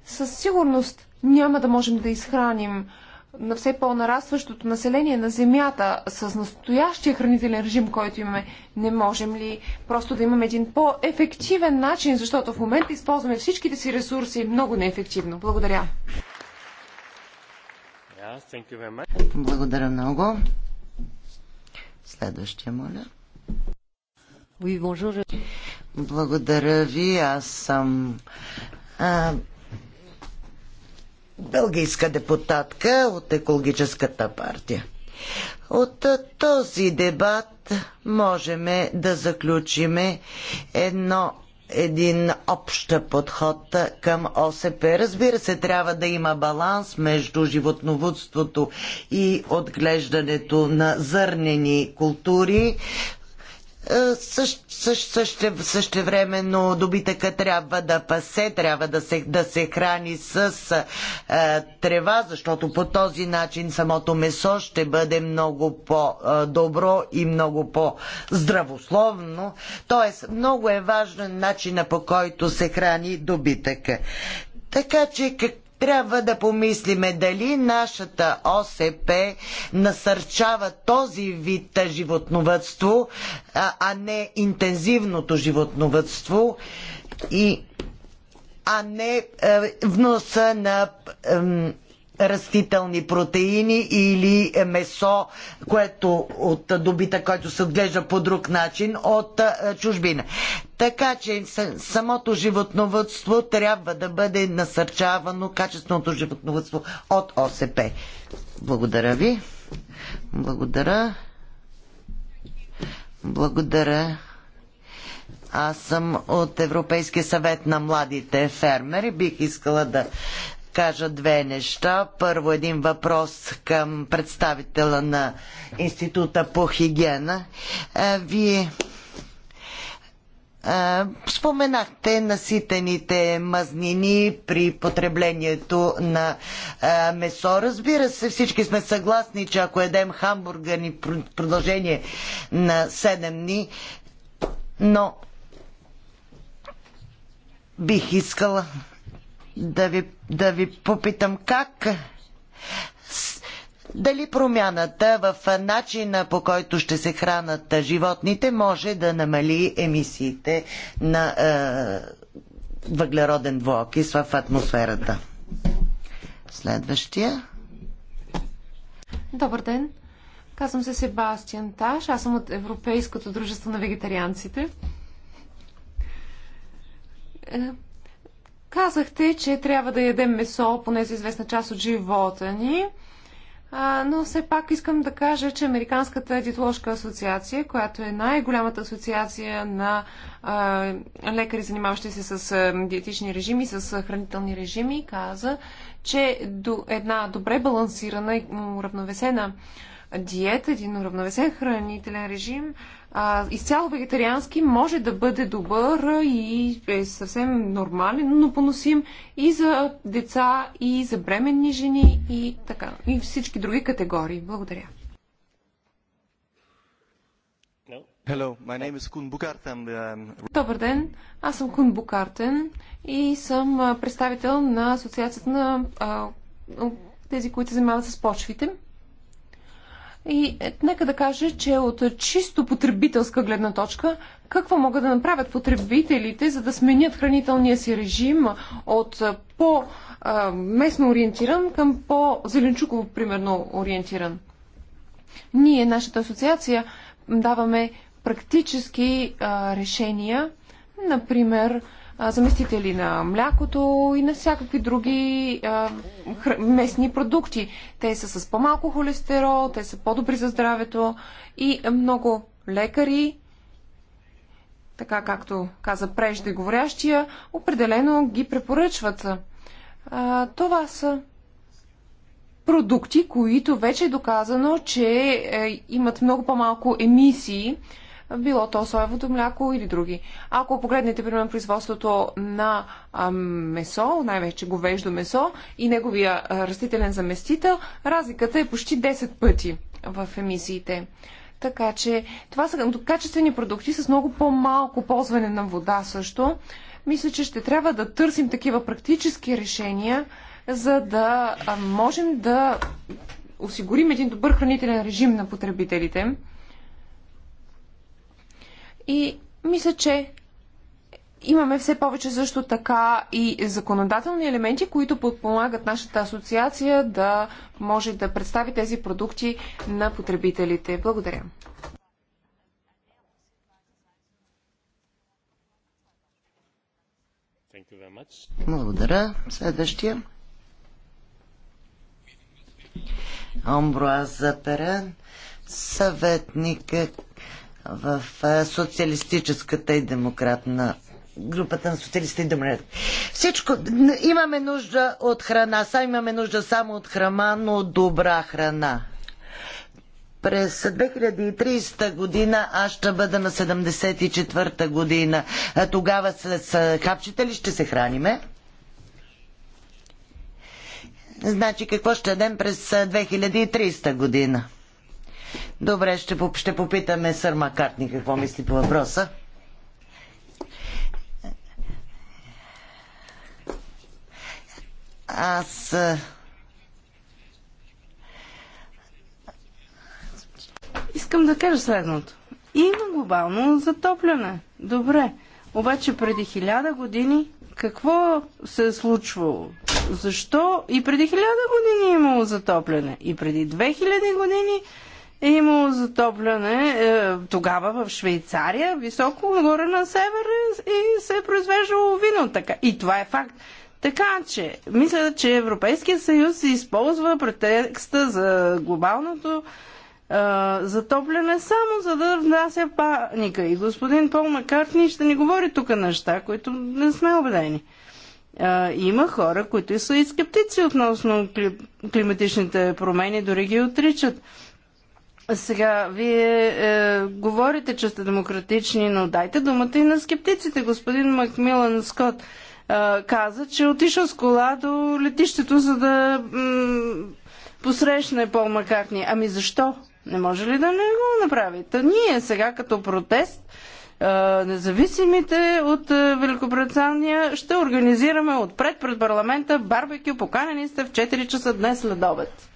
Със сигурност няма да можем да изхраним на все по-нарастващото население на Земята с настоящия хранителен режим, който имаме, не можем ли просто да имаме един по-ефективен начин, защото в момента използваме всичките си ресурси много неефективно. Благодаря. Благодаря много. Следващия, моля. Oui, bonjour. Благодаря ви. Аз съм а, бългийска депутатка от екологическата партия. От този дебат можем да заключиме едно един общ подход към ОСП. Разбира се, трябва да има баланс между животновътството и отглеждането на зърнени култури, също, е, също, същевременно добитъка трябва да пасе, трябва да се, да се храни с е, трева, защото по този начин самото месо ще бъде много по-добро и много по-здравословно. Тоест, много е важен начина по който се храни добитъка. Така че как, трябва да помислиме дали нашата ОСП насърчава този вид животновътство, а не интензивното животновътство и а не е, вноса на растителни протеини или месо, което от добита, който се отглежда по друг начин от чужбина. Така че самото животновътство трябва да бъде насърчавано, качественото животновътство от ОСП. Благодаря ви. Благодаря. Благодаря. Аз съм от Европейския съвет на младите фермери. Бих искала да кажа две неща. Първо един въпрос към представителя на Института по хигиена. Е, вие е, Споменахте наситените мазнини при потреблението на е, месо. Разбира се, всички сме съгласни, че ако едем хамбургър ни продължение на 7 дни, но бих искала да ви, да ви попитам как дали промяната в начина по който ще се хранат животните може да намали емисиите на е, въглероден двуокис в атмосферата. Следващия. Добър ден. Казвам се Себастиан Таш. Аз съм от Европейското дружество на вегетарианците. Е, Казахте, че трябва да ядем месо поне за известна част от живота ни, а, но все пак искам да кажа, че Американската диетоложка асоциация, която е най-голямата асоциация на а, лекари, занимаващи се с а, диетични режими, с хранителни режими, каза, че до една добре балансирана и уравновесена диета, един уравновесен хранителен режим а, изцяло вегетариански може да бъде добър и е съвсем нормален, но поносим и за деца, и за бременни жени, и така, и всички други категории. Благодаря. Hello, my name is Kun Bukart. The... Um, добър ден, аз съм Кун Букартен и съм представител на Асоциацията на а, тези, които се занимават с почвите. И е, нека да кажа, че от чисто потребителска гледна точка, какво могат да направят потребителите, за да сменят хранителния си режим от е, по-местно е, ориентиран към по-зеленчуково, примерно, ориентиран? Ние, нашата асоциация, даваме практически а, е, решения, например, заместители на млякото и на всякакви други а, местни продукти. Те са с по-малко холестерол, те са по-добри за здравето и много лекари, така както каза преждеговорящия, определено ги препоръчват. А, това са продукти, които вече е доказано, че е, имат много по-малко емисии било то соевото мляко или други. Ако погледнете, примерно, производството на месо, най-вече говеждо месо и неговия растителен заместител, разликата е почти 10 пъти в емисиите. Така че това са качествени продукти с много по-малко ползване на вода също. Мисля, че ще трябва да търсим такива практически решения, за да можем да осигурим един добър хранителен режим на потребителите. И мисля, че имаме все повече също така и законодателни елементи, които подпомагат нашата асоциация да може да представи тези продукти на потребителите. Благодаря. Благодаря. Следващия. за Заперен, съветник в социалистическата и демократна групата на социалистите и демократите. Всичко, имаме нужда от храна, Са имаме нужда само от храма, но от добра храна. През 2030 година аз ще бъда на 74-та година. Тогава с, с хапчета ли ще се храниме? Значи какво ще дадем през 2030 година? Добре, ще, ще попитаме сър Маккартни какво мисли по въпроса. Аз Искам да кажа следното. Има глобално затопляне. Добре. Обаче преди хиляда години какво се е случвало? Защо и преди хиляда години е имало затопляне? И преди 2000 години е имало затопляне е, тогава в Швейцария, високо горе на север е, и се е произвеждало вино. Така. И това е факт. Така че, мисля, че Европейския съюз използва претекста за глобалното е, затопляне само за да внася паника. И господин Пол Маккартни ще ни говори тук неща, които не сме убедени. Uh, има хора, които са и скептици относно кли, климатичните промени, дори ги отричат. Сега, вие е, говорите, че сте демократични, но дайте думата и на скептиците. Господин Макмилан Скот е, каза, че отишъл с кола до летището, за да посрещне Пол макартни Ами защо? Не може ли да не го направите? Ние сега като протест, е, независимите от е, Великобритания, ще организираме отпред пред парламента барбекю. Поканени сте в 4 часа днес след обед.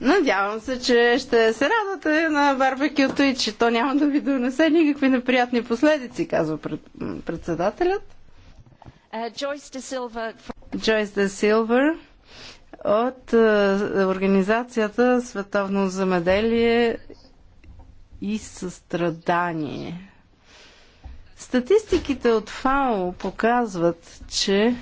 Надявам се, че ще се радвате на барбекюто и че то няма да ви донесе никакви неприятни последици, казва пред, председателят. Джойс Де Силвър от uh, организацията Световно замеделие и състрадание. Статистиките от ФАО показват, че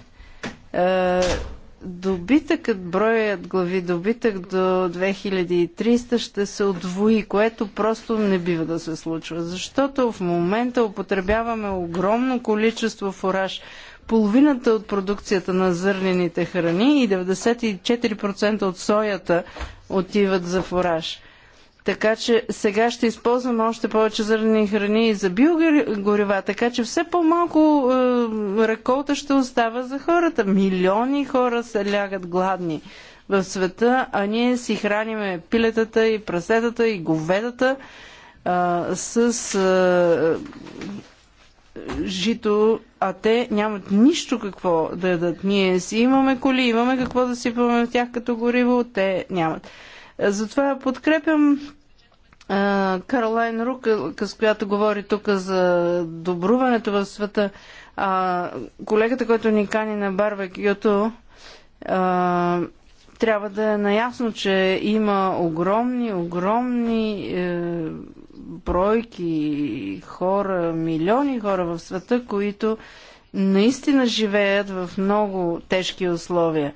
uh, добитъкът, броят глави добитък до 2300 ще се отвои, което просто не бива да се случва. Защото в момента употребяваме огромно количество фураж. Половината от продукцията на зърнените храни и 94% от соята отиват за фураж. Така че сега ще използваме още повече зърнени храни и за биогорива, така че все по-малко е, реколта ще остава за хората. Милиони хора се лягат гладни в света, а ние си храниме пилетата и прасетата и говедата е, с е, жито, а те нямат нищо какво да ядат. Ние си имаме коли, имаме какво да сипваме в тях като гориво, те нямат. Затова подкрепям Каролайн Рук, с която говори тук за добруването в света. А, колегата, който ни кани на барбекюто, Юто, трябва да е наясно, че има огромни, огромни е, бройки хора, милиони хора в света, които наистина живеят в много тежки условия.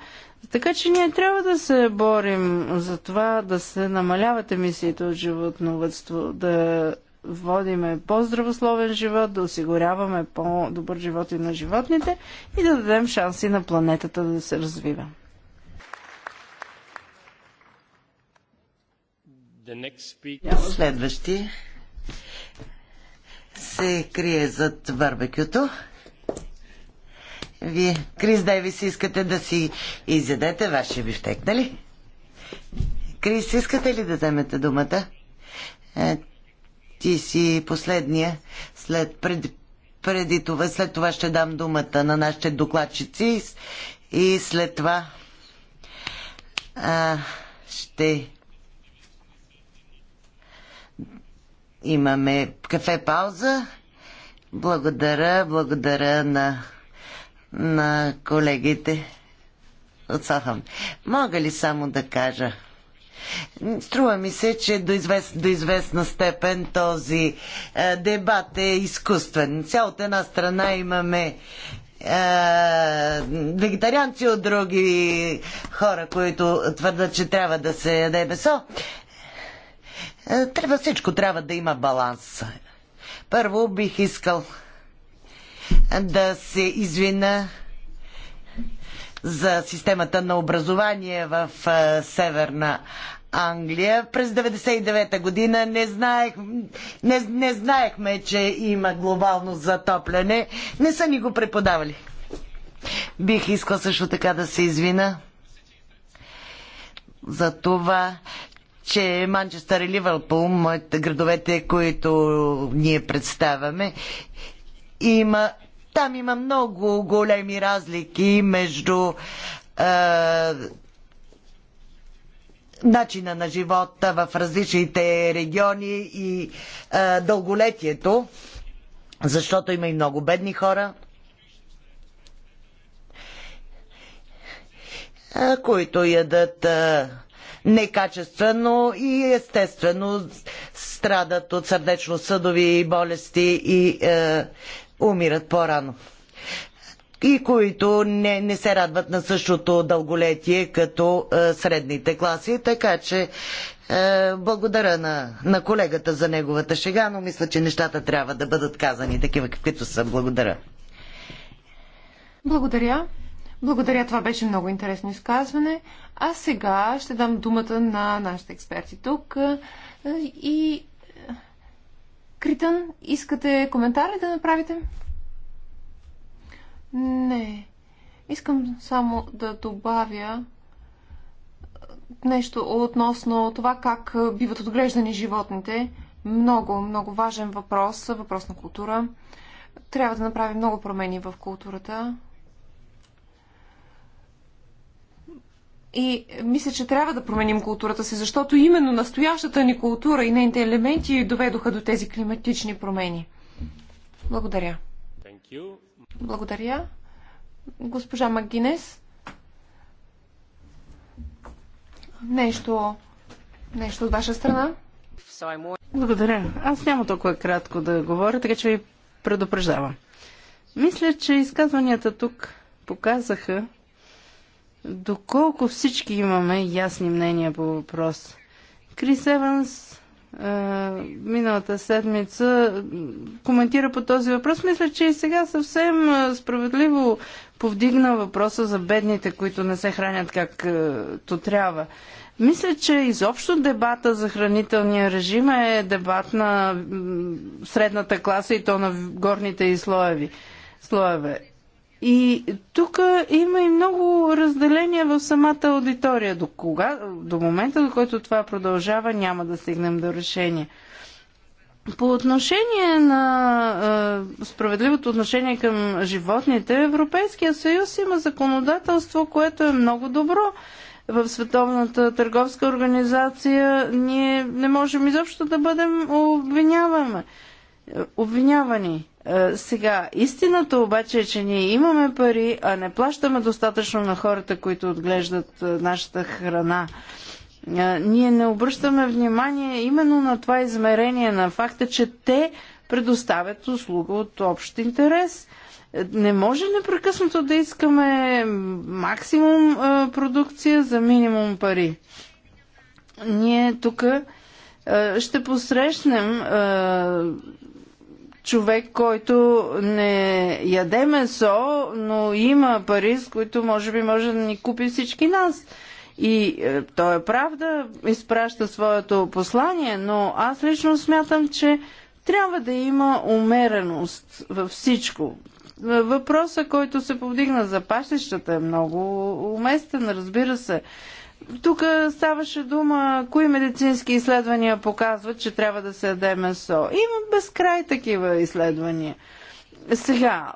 Така че ние трябва да се борим за това да се намаляват емисиите от животновътство, да водиме по-здравословен живот, да осигуряваме по-добър живот и на животните и да дадем шанси на планетата да се развива. Следващи се крие зад барбекюто. Вие, Крис Дейвис, искате да си изядете вашия бифтек, нали? Крис, искате ли да вземете думата? Е, ти си последния. След, пред, преди това, след това ще дам думата на нашите докладчици и след това а, ще имаме кафе пауза. Благодаря, благодаря на на колегите от Сахам. Мога ли само да кажа? Струва ми се, че до, извест, до известна степен този е, дебат е изкуствен. Ця от една страна имаме е, вегетарианци от други хора, които твърдат, че трябва да се яде месо. Е, трябва, всичко трябва да има баланс. Първо бих искал да се извина за системата на образование в Северна Англия. През 1999 година не, знаех, не, не знаехме, че има глобално затопляне. Не са ни го преподавали. Бих искал също така да се извина за това, че Манчестър и Ливърпул, моите градовете, които ние представяме, има, там има много големи разлики между е, начина на живота в различните региони и е, дълголетието, защото има и много бедни хора. Е, които ядат а, е, некачествено и естествено страдат от сърдечно-съдови болести и е, умират по-рано и които не, не, се радват на същото дълголетие като е, средните класи. Така че е, благодаря на, на колегата за неговата шега, но мисля, че нещата трябва да бъдат казани такива, каквито са. Благодаря. Благодаря. Благодаря, това беше много интересно изказване. А сега ще дам думата на нашите експерти тук е, и Критън, искате коментар ли да направите? Не. Искам само да добавя нещо относно това как биват отглеждани животните. Много, много важен въпрос, въпрос на култура. Трябва да направим много промени в културата. И мисля, че трябва да променим културата си, защото именно настоящата ни култура и нейните елементи доведоха до тези климатични промени. Благодаря. Благодаря. Госпожа Магинес. Нещо, нещо от ваша страна? Благодаря. Аз няма толкова кратко да говоря, така че ви предупреждавам. Мисля, че изказванията тук показаха, Доколко всички имаме ясни мнения по въпрос. Крис Еванс е, миналата седмица коментира по този въпрос. Мисля, че и сега съвсем е, справедливо повдигна въпроса за бедните, които не се хранят както е, трябва. Мисля, че изобщо дебата за хранителния режим е дебат на средната класа и то на горните и слоеви. слоеве. И тук има и много разделения в самата аудитория. До, кога, до момента, до който това продължава, няма да стигнем до решение. По отношение на е, справедливото отношение към животните, Европейския съюз има законодателство, което е много добро. В Световната търговска организация ние не можем изобщо да бъдем обвинявани. обвинявани. Е, сега, истината обаче е, че ние имаме пари, а не плащаме достатъчно на хората, които отглеждат е, нашата храна. Е, ние не обръщаме внимание именно на това измерение, на факта, че те предоставят услуга от общ интерес. Не може непрекъснато да искаме максимум продукция за минимум пари. Ние тук ще посрещнем човек, който не яде месо, но има пари, с които може би може да ни купи всички нас. И е, той е прав да изпраща своето послание, но аз лично смятам, че трябва да има умереност във всичко. Въпросът, който се повдигна за пасещата е много уместен, разбира се. Тук ставаше дума, кои медицински изследвания показват, че трябва да се яде месо. Има безкрай такива изследвания. Сега,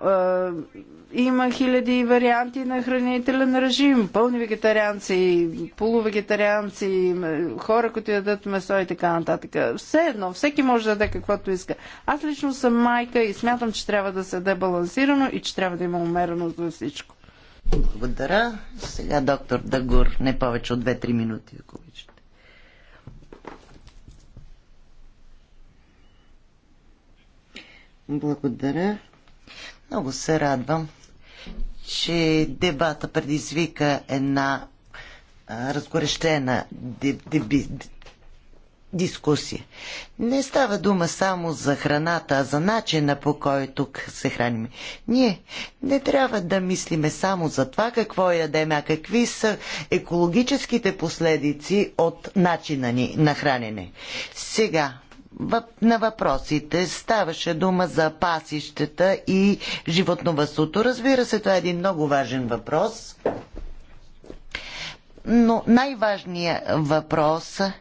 е, има хиляди варианти на хранителен режим. Пълни вегетарианци, полувегетарианци, хора, които ядат месо и така нататък. Все едно, всеки може да яде каквото иска. Аз лично съм майка и смятам, че трябва да се яде балансирано и че трябва да има умереност за всичко. Благодаря. Сега доктор Дагур, не повече от 2-3 минути, ако обичате. Благодаря. Много се радвам, че дебата предизвика една разгорещена деб, деб, дискусия. Не става дума само за храната, а за начина по който се храним. Ние не трябва да мислиме само за това какво ядем, а какви са екологическите последици от начина ни на хранене. Сега, на въпросите ставаше дума за пасищата и животновъдството. Разбира се, това е един много важен въпрос. Но най-важният въпрос е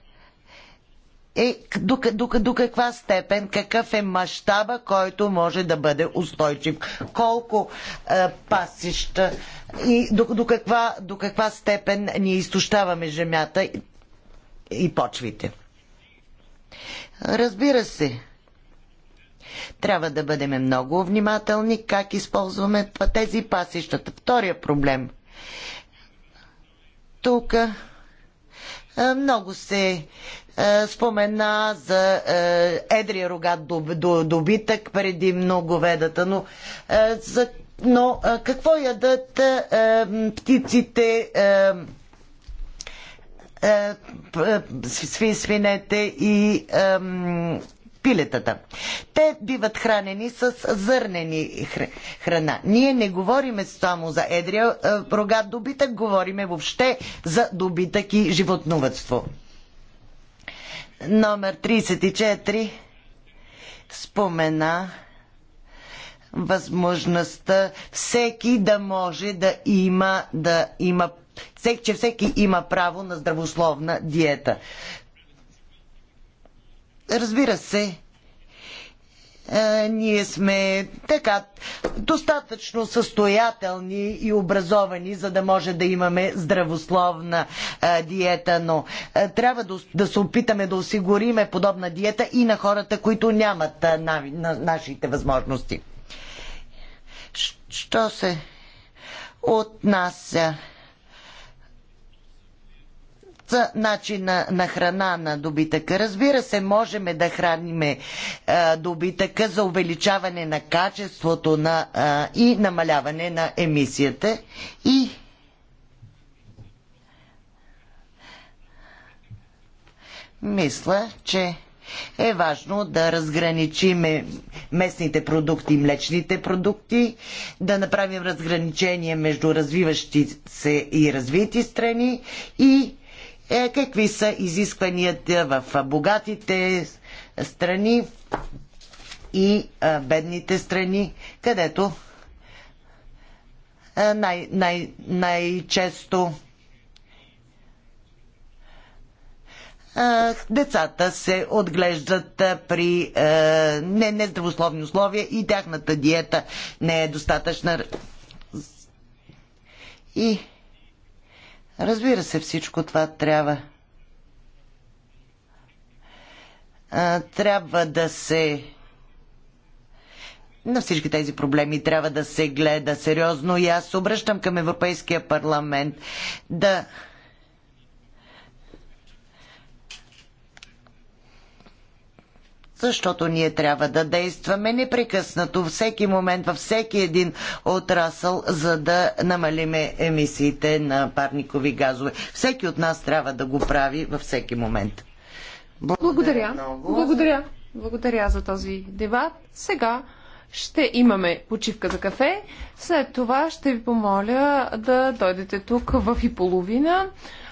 е до, до, до каква степен, какъв е мащаба, който може да бъде устойчив. Колко е, пасища и до, до, каква, до каква степен ние изтощаваме земята и, и почвите. Разбира се, трябва да бъдем много внимателни как използваме тези пасищата. Втория проблем. Тук е, много се е, спомена за е, едрия рогат добитък, много говедата, но е, за но а, какво ядат а, птиците, а, а, свинете и а, пилетата? Те биват хранени с зърнени храна. Ние не говориме само за едрия рогат добитък, говориме въобще за добитък и животновътство номер 34 спомена възможността всеки да може да има, да има всеки, че всеки има право на здравословна диета. Разбира се, е, ние сме така достатъчно състоятелни и образовани, за да може да имаме здравословна а, е, диета, но а, е, трябва да, да се опитаме да осигуриме подобна диета и на хората, които нямат а, на, на, нашите възможности. Що се отнася? начина на храна на добитъка. Разбира се, можем да храниме е, добитъка за увеличаване на качеството на, е, и намаляване на емисията. И мисля, че е важно да разграничим местните продукти и млечните продукти, да направим разграничение между развиващи се и развити страни и е, какви са изискванията в богатите страни и бедните страни, където най- най- най-често децата се отглеждат при не, нездравословни условия и тяхната диета не е достатъчна. И Разбира се, всичко това трябва. А, трябва да се. На всички тези проблеми трябва да се гледа сериозно и аз обръщам към Европейския парламент да защото ние трябва да действаме непрекъснато, всеки момент, във всеки един отрасъл, за да намалиме емисиите на парникови газове. Всеки от нас трябва да го прави във всеки момент. Благодаря. Благодаря. Много. Благодаря. Благодаря за този дебат. Сега ще имаме почивка за кафе. След това ще ви помоля да дойдете тук в и половина.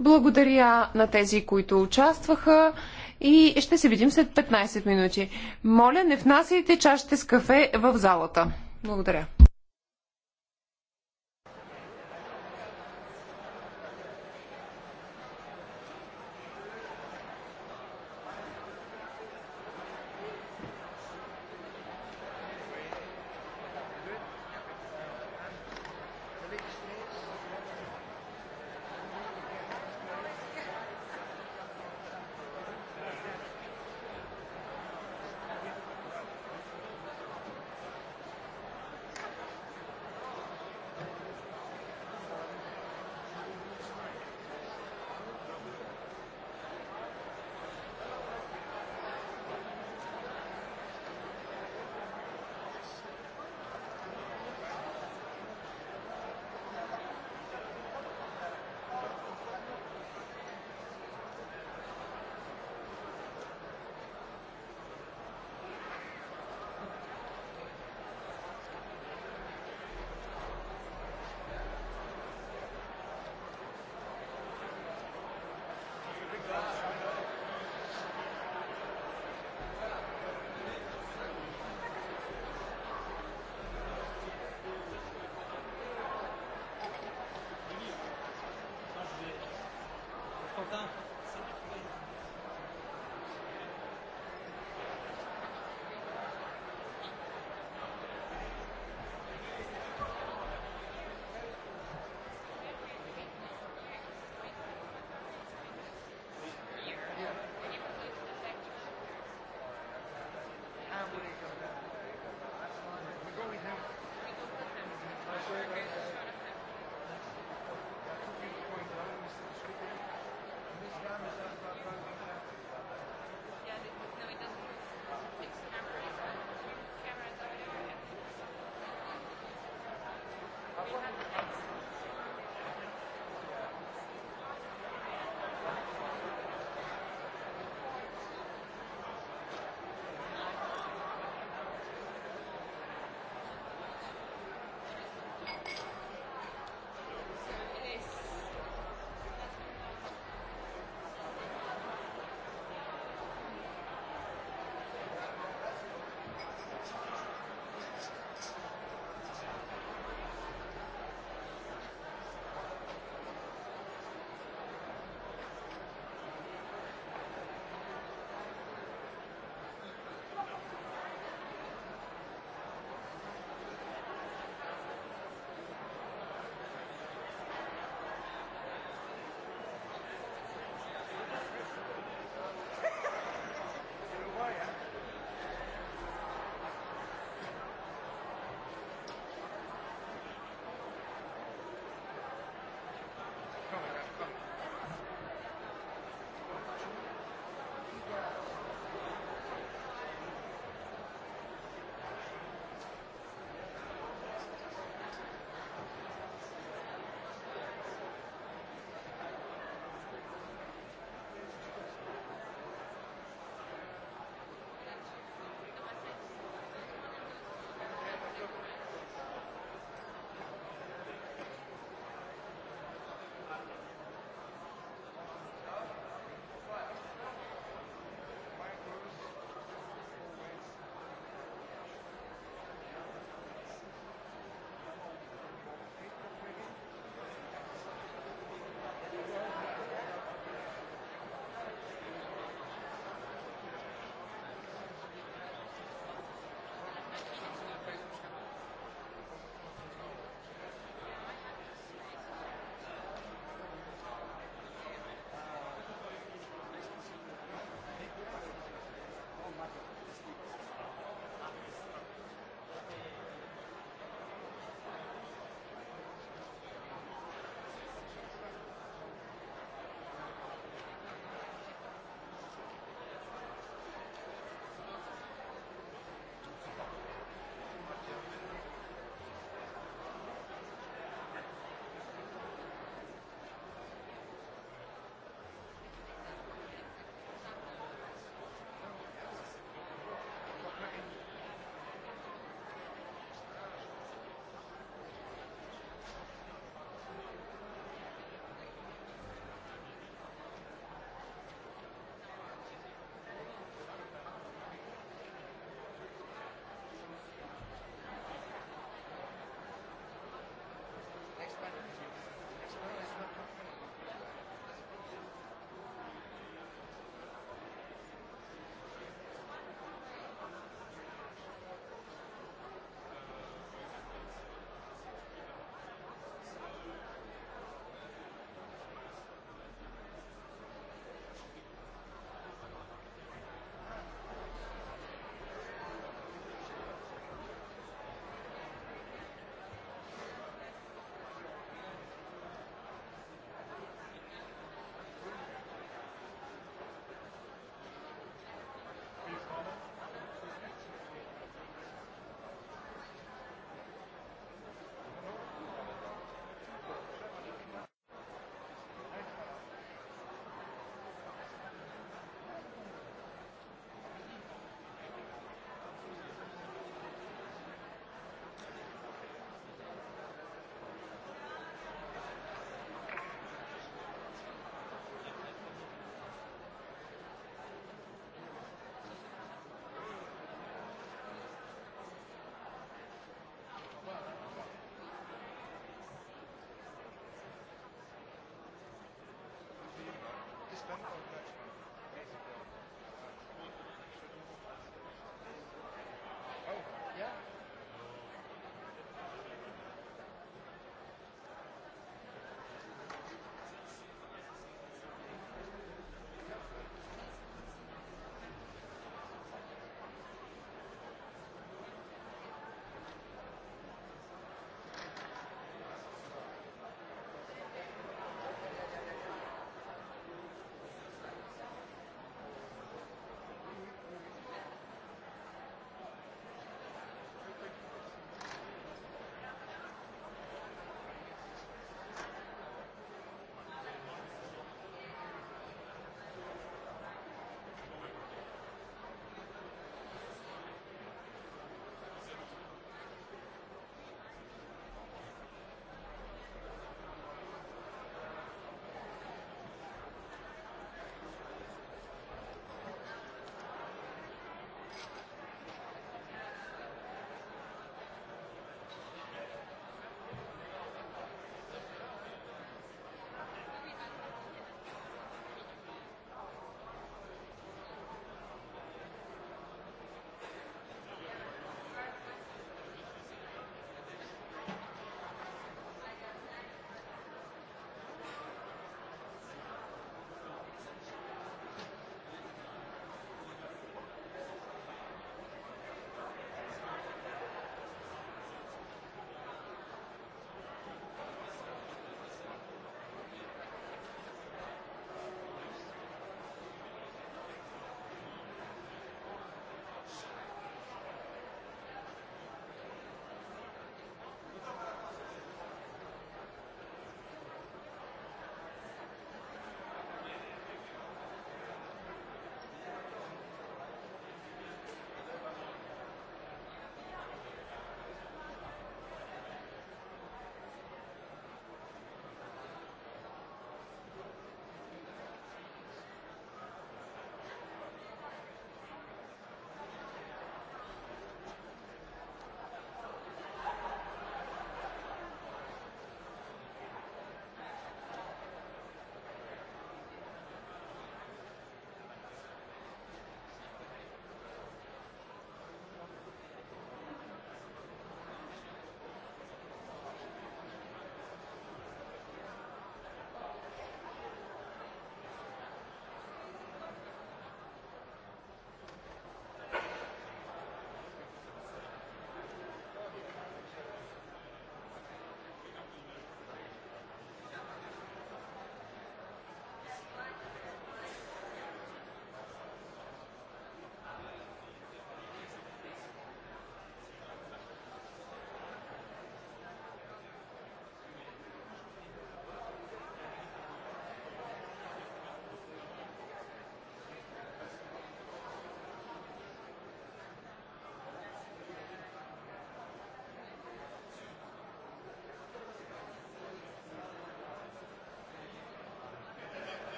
Благодаря на тези, които участваха и ще се видим след 15 минути. Моля, не внасяйте чашите с кафе в залата. Благодаря.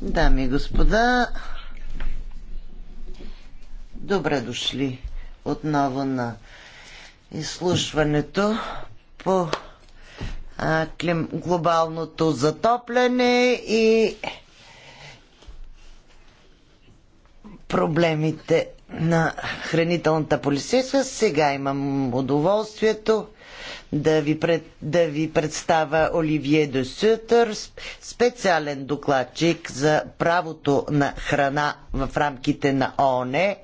Дами и господа, добре дошли отново на изслушването по а, клим, глобалното затопляне и проблемите на хранителната полисица. Сега имам удоволствието да ви, пред, да ви представя Оливие де Сютър, специален докладчик за правото на храна в рамките на ООН.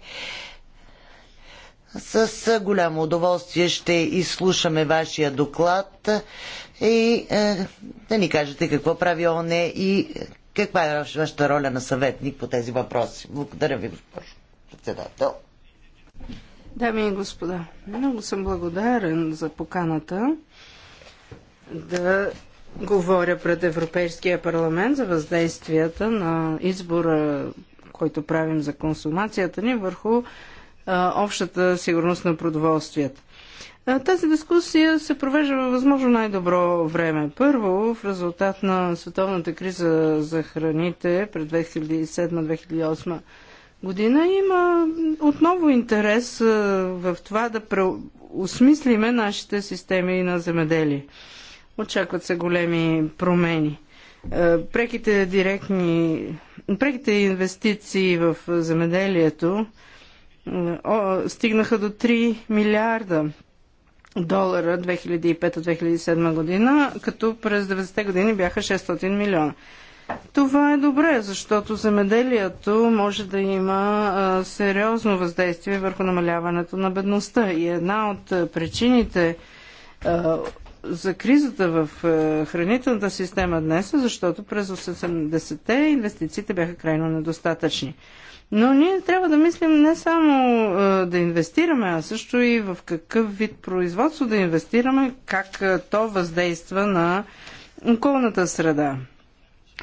С голямо удоволствие ще изслушаме вашия доклад и е, да ни кажете какво прави ОНЕ и каква е вашата роля на съветник по тези въпроси. Благодаря ви, госпожо председател. Дами и господа, много съм благодарен за поканата да говоря пред Европейския парламент за въздействията на избора, който правим за консумацията ни върху а, общата сигурност на продоволствията. Тази дискусия се провежда във възможно най-добро време. Първо, в резултат на световната криза за храните през 2007-2008 година има отново интерес в това да осмислиме нашите системи на земеделие. Очакват се големи промени. Преките директни, преките инвестиции в земеделието стигнаха до 3 милиарда долара 2005-2007 година, като през 90-те години бяха 600 милиона. Това е добре, защото земеделието може да има а, сериозно въздействие върху намаляването на бедността. И една от причините а, за кризата в а, хранителната система днес е, защото през 80-те инвестициите бяха крайно недостатъчни. Но ние трябва да мислим не само а, да инвестираме, а също и в какъв вид производство да инвестираме, как а, то въздейства на околната среда.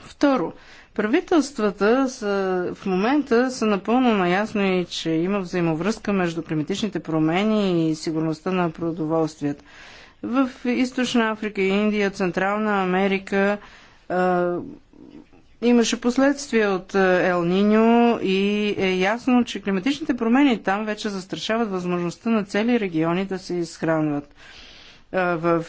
Второ, правителствата са, в момента са напълно наясно и, че има взаимовръзка между климатичните промени и сигурността на продоволствията. В Източна Африка, Индия, Централна Америка а, имаше последствия от Ел Ниньо и е ясно, че климатичните промени там вече застрашават възможността на цели региони да се изхранват в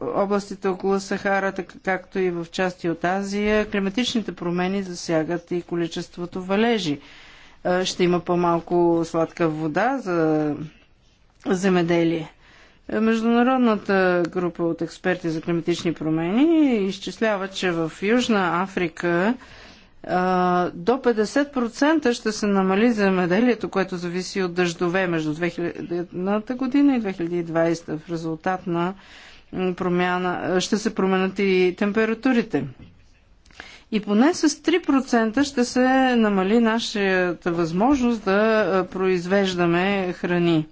областите около Сахарата, както и в части от Азия, климатичните промени засягат и количеството валежи. Ще има по-малко сладка вода за земеделие. Международната група от експерти за климатични промени изчислява, че в Южна Африка до 50% ще се намали земеделието, което зависи от дъждове между 2000 година и 2020 в резултат на промяна. Ще се променят и температурите. И поне с 3% ще се намали нашата възможност да произвеждаме храни.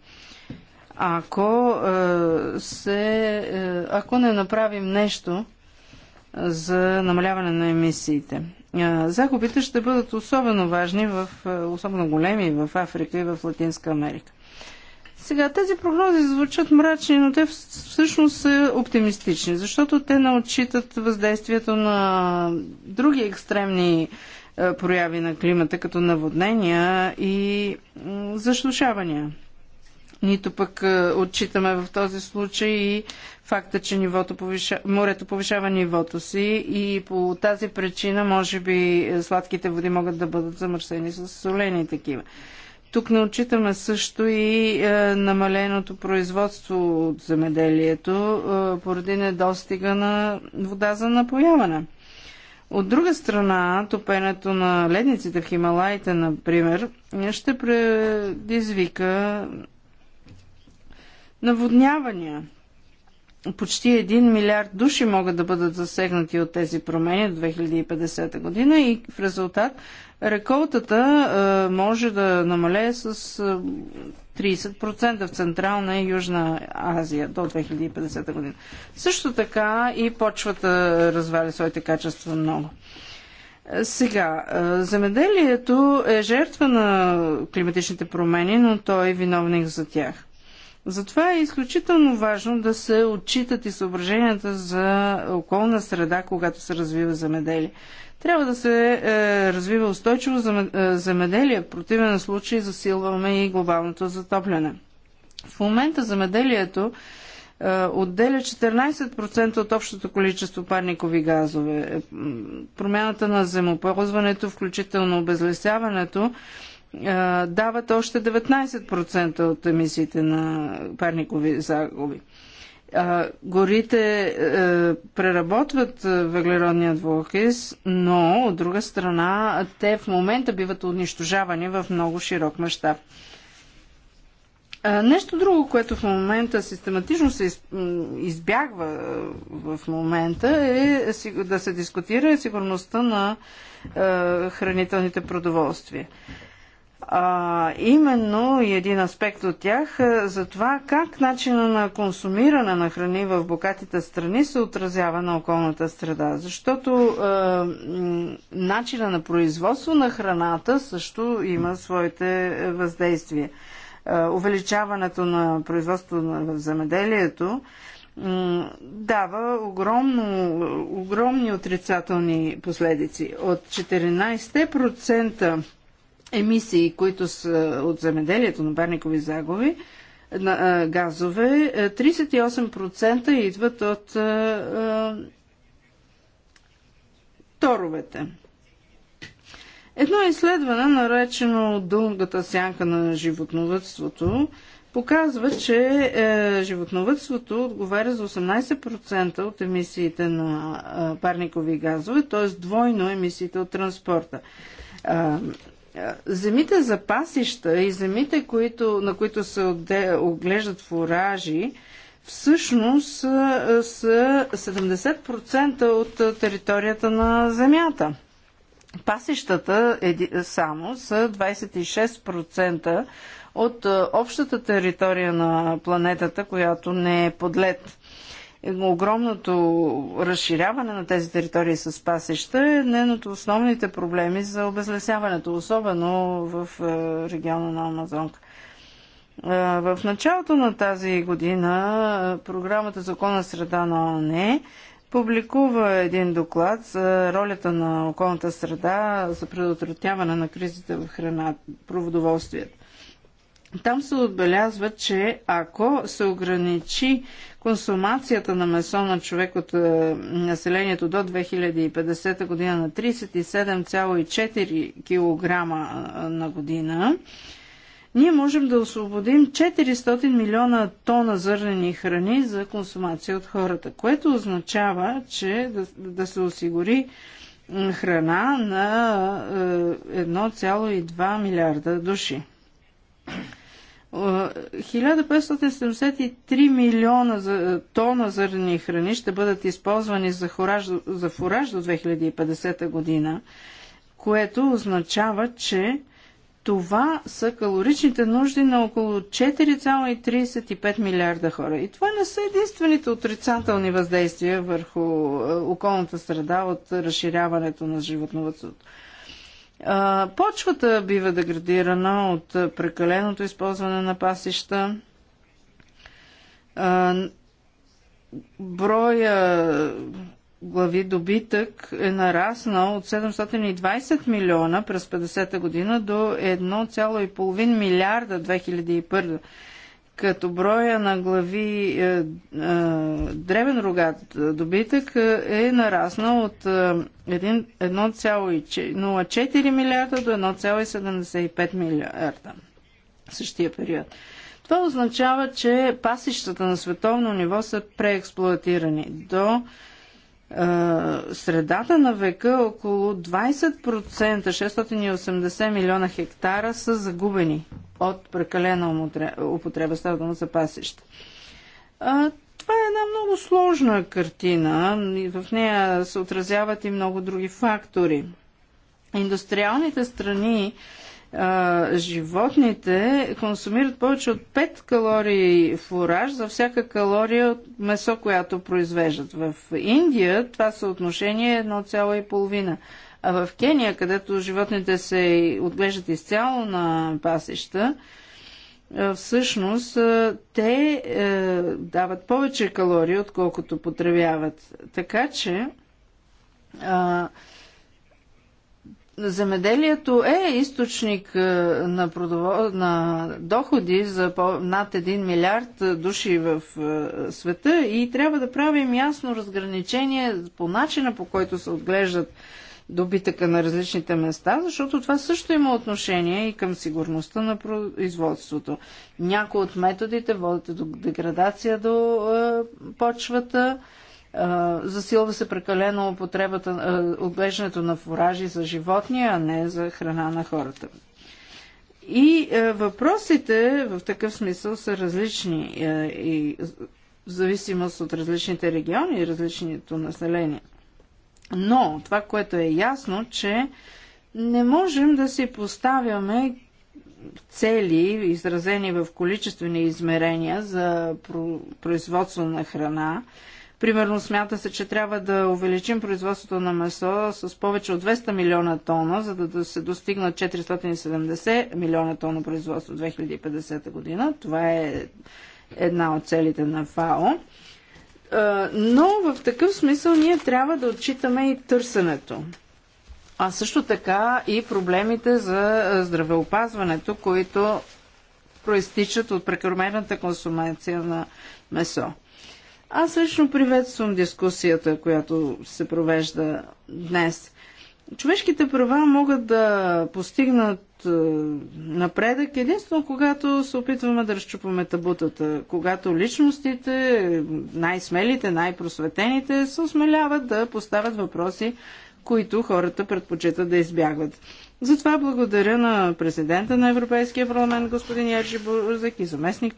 Ако, се, ако не направим нещо за намаляване на емисиите загубите ще бъдат особено важни, в, особено големи в Африка и в Латинска Америка. Сега, тези прогнози звучат мрачни, но те всъщност са оптимистични, защото те не отчитат въздействието на други екстремни прояви на климата, като наводнения и засушавания нито пък е, отчитаме в този случай и факта, че нивото повиша... морето повишава нивото си и по тази причина може би е, сладките води могат да бъдат замърсени с солени такива. Тук не отчитаме също и е, намаленото производство от земеделието е, поради недостига на вода за напояване. От друга страна, топенето на ледниците в Хималаите, например, ще предизвика наводнявания. Почти 1 милиард души могат да бъдат засегнати от тези промени до 2050 година и в резултат реколтата може да намалее с 30% в Централна и Южна Азия до 2050 година. Също така и почвата разваля своите качества много. Сега, земеделието е жертва на климатичните промени, но той е виновник за тях. Затова е изключително важно да се отчитат и съображенията за околна среда, когато се развива земеделие. Трябва да се е, развива устойчиво е, земеделие, в противен случай засилваме и глобалното затопляне. В момента земеделието е, отделя 14% от общото количество парникови газове. Е, промяната на земоползването, включително обезлесяването, дават още 19% от емисиите на парникови загуби. горите е, преработват въглеродния двуокис, но от друга страна те в момента биват унищожавани в много широк мащаб. Нещо друго, което в момента систематично се избягва е, в момента е, е да се дискутира сигурността на хранителните продоволствия а, именно и един аспект от тях е, за това как начина на консумиране на храни в богатите страни се отразява на околната среда. Защото а, е, начина на производство на храната също има своите е, въздействия. А, увеличаването на производство в земеделието дава огромно, огромни отрицателни последици. От 14% емисии, които са от земеделието на парникови загуби, на газове, 38% е, идват от е, е, торовете. Едно изследване, наречено Дългата сянка на животновътството, показва, че животновътството отговаря за 18% от емисиите на парникови газове, т.е. двойно емисиите от транспорта. Земите за пасища и земите, които, на които се оглеждат фуражи, всъщност са 70% от територията на земята. Пасищата само са 26% от общата територия на планетата, която не е подлед. Е, огромното разширяване на тези територии с пасеща е един от основните проблеми за обезлесяването, особено в е, региона на Амазонка. Е, в началото на тази година програмата Закона среда на ООН публикува един доклад за ролята на околната среда за предотвратяване на кризите в храна, проводоволствието. Там се отбелязва, че ако се ограничи консумацията на месо на човек от е, населението до 2050 година на 37,4 кг е, на година, ние можем да освободим 400 милиона тона зърнени храни за консумация от хората, което означава, че да, да се осигури храна на 1,2 е, милиарда души. 1573 милиона за, тона зърни храни ще бъдат използвани за, хораж, за фураж до 2050 година, което означава, че това са калоричните нужди на около 4,35 милиарда хора. И това не са единствените отрицателни въздействия върху е, околната среда от разширяването на животновътството. Почвата бива деградирана от прекаленото използване на пасища. Броя глави добитък е нараснал от 720 милиона през 50-та година до 1,5 милиарда 2001 като броя на глави е, е, древен рогат е, добитък е, е нараснал от 1,04 е, милиарда до 1,75 милиарда в същия период. Това означава, че пасищата на световно ниво са преексплуатирани. До средата на века около 20%, 680 милиона хектара са загубени от прекалена употреба, става дума за пасеща. Това е една много сложна картина. В нея се отразяват и много други фактори. Индустриалните страни животните консумират повече от 5 калории фураж за всяка калория от месо, която произвеждат. В Индия това съотношение е 1,5. А в Кения, където животните се отглеждат изцяло на пасеща, всъщност те е, дават повече калории, отколкото потребяват. Така че е, земеделието е източник е, на, продово... на доходи за по... над 1 милиард души в е, света и трябва да правим ясно разграничение по начина по който се отглеждат добитъка на различните места, защото това също има отношение и към сигурността на производството. Някои от методите водят до деградация до е, почвата, е, засилва се прекалено употребата, е, отглеждането на фуражи за животни, а не за храна на хората. И е, въпросите в такъв смисъл са различни е, и в зависимост от различните региони и различното население. Но това, което е ясно, че не можем да си поставяме цели, изразени в количествени измерения за производство на храна. Примерно смята се, че трябва да увеличим производството на месо с повече от 200 милиона тона, за да се достигнат 470 милиона тона производство в 2050 година. Това е една от целите на ФАО но в такъв смисъл ние трябва да отчитаме и търсенето. А също така и проблемите за здравеопазването, които проистичат от прекомерната консумация на месо. Аз лично приветствам дискусията, която се провежда днес. Човешките права могат да постигнат е, напредък единствено когато се опитваме да разчупваме табутата, когато личностите, най-смелите, най-просветените, се осмеляват да поставят въпроси, които хората предпочитат да избягват. Затова благодаря на президента на Европейския парламент господин Ержи Бузък и заместник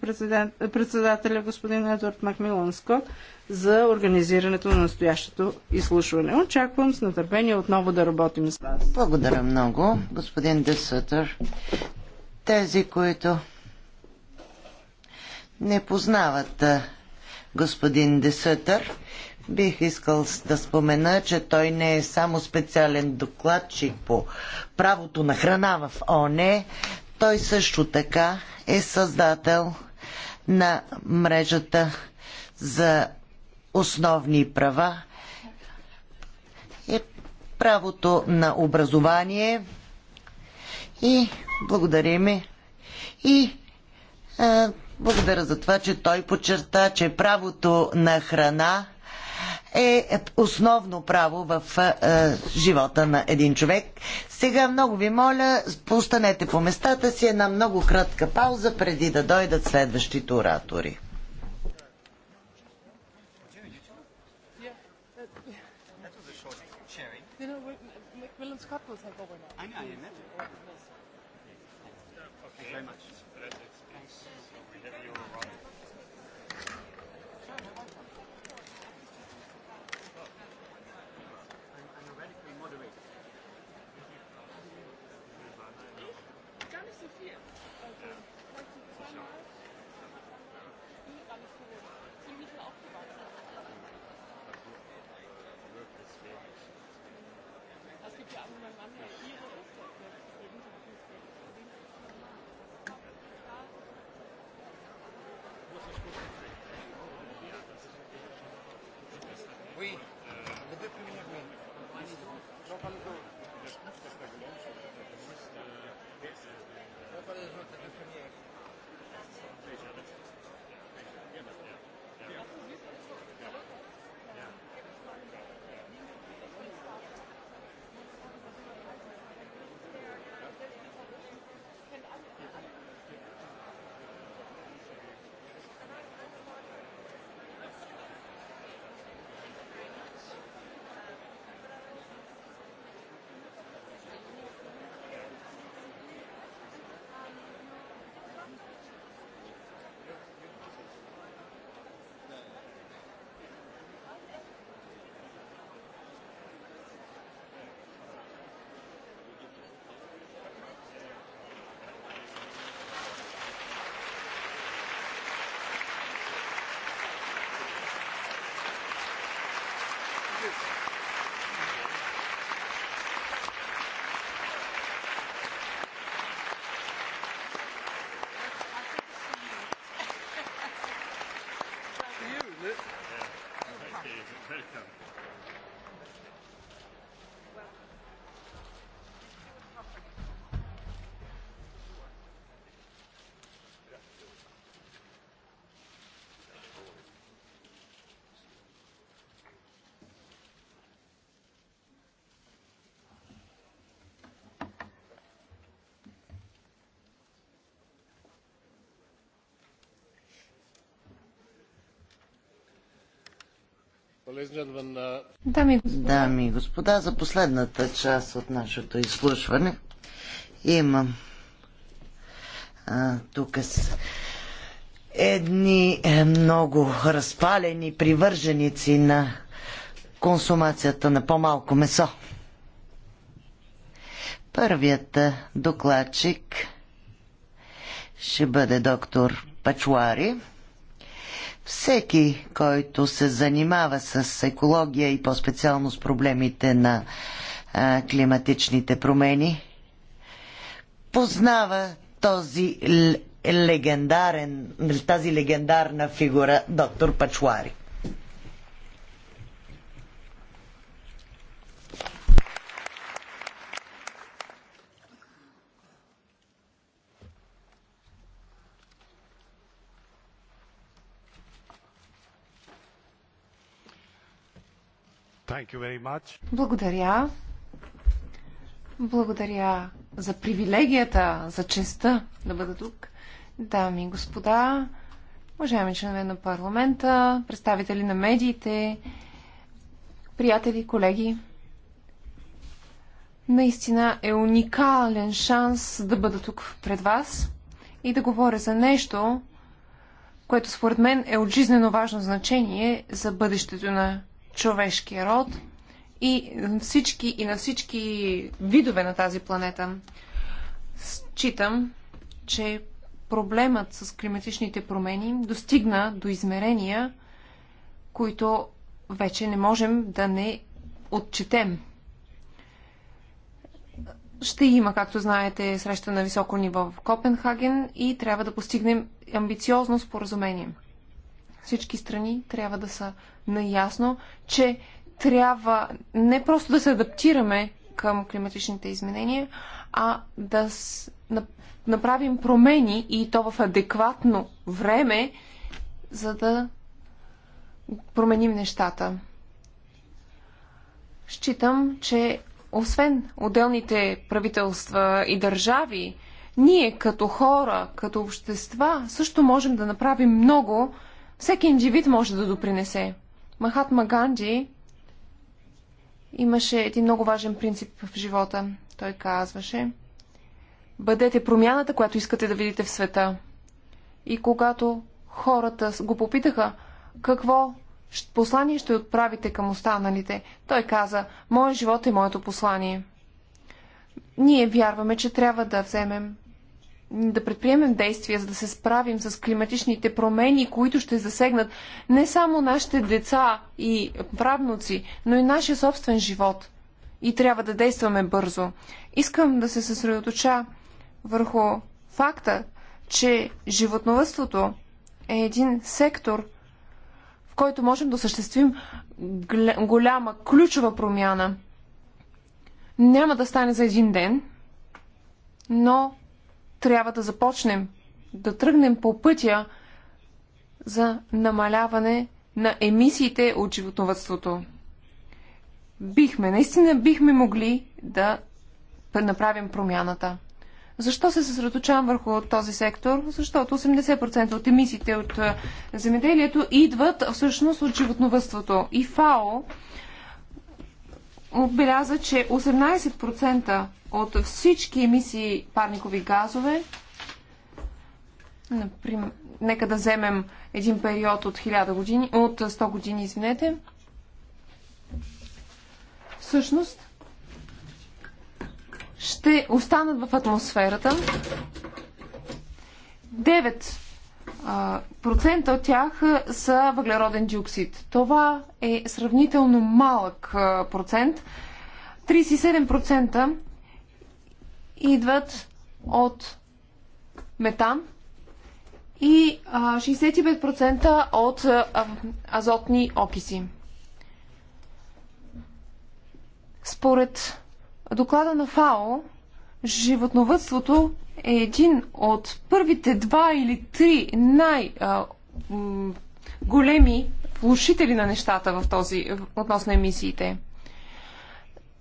председателя господин Едвард Макмилан Скот за организирането на настоящото изслушване. Очаквам с нетърпение отново да работим с вас. Благодаря много, господин Десътър. Тези, които не познават господин Десътър, Бих искал да спомена, че той не е само специален докладчик по правото на храна в ОНЕ, той също така е създател на мрежата за основни права и е правото на образование и благодариме и благодаря за това, че той подчерта, че правото на храна е основно право в е, живота на един човек. Сега много ви моля, останете по местата си една много кратка пауза, преди да дойдат следващите оратори. You know, Macmillan Scott will take over now. Дами и господа, за последната част от нашето изслушване имам а, тук с едни е, много разпалени привърженици на консумацията на по-малко месо. Първият докладчик ще бъде доктор Пачуари. Всеки, който се занимава с екология и по-специално с проблемите на а, климатичните промени, познава този легендарен, тази легендарна фигура доктор Пачуари. Благодаря. Благодаря за привилегията, за честа да бъда тук. Дами и господа, уважаеми членове на парламента, представители на медиите, приятели, колеги, наистина е уникален шанс да бъда тук пред вас и да говоря за нещо, което според мен е от жизнено важно значение за бъдещето на човешкия род и, всички, и на всички видове на тази планета. Считам, че проблемът с климатичните промени достигна до измерения, които вече не можем да не отчетем. Ще има, както знаете, среща на високо ниво в Копенхаген и трябва да постигнем амбициозно споразумение. Всички страни трябва да са наясно, че трябва не просто да се адаптираме към климатичните изменения, а да направим промени и то в адекватно време, за да променим нещата. Считам, че освен отделните правителства и държави, ние като хора, като общества също можем да направим много. Всеки индивид може да допринесе. Махатма Ганди имаше един много важен принцип в живота. Той казваше, бъдете промяната, която искате да видите в света. И когато хората го попитаха, какво послание ще отправите към останалите, той каза, моят живот е моето послание. Ние вярваме, че трябва да вземем да предприемем действия, за да се справим с климатичните промени, които ще засегнат не само нашите деца и правнуци, но и нашия собствен живот. И трябва да действаме бързо. Искам да се съсредоточа върху факта, че животновътството е един сектор, в който можем да осъществим голяма, ключова промяна. Няма да стане за един ден, но трябва да започнем да тръгнем по пътя за намаляване на емисиите от животновътството. Бихме, наистина бихме могли да направим промяната. Защо се съсредоточавам върху този сектор? Защото 80% от емисиите от е, земеделието идват всъщност от животновътството. И ФАО отбеляза, че 18% от всички емисии парникови газове, например, нека да вземем един период от, 1000 години, от 100 години, извинете, всъщност ще останат в атмосферата. 9 процента от тях са въглероден диоксид. Това е сравнително малък процент. 37% идват от метан и 65% от азотни окиси. Според доклада на ФАО, животновътството е един от първите два или три най-големи влушители на нещата в този, относно емисиите.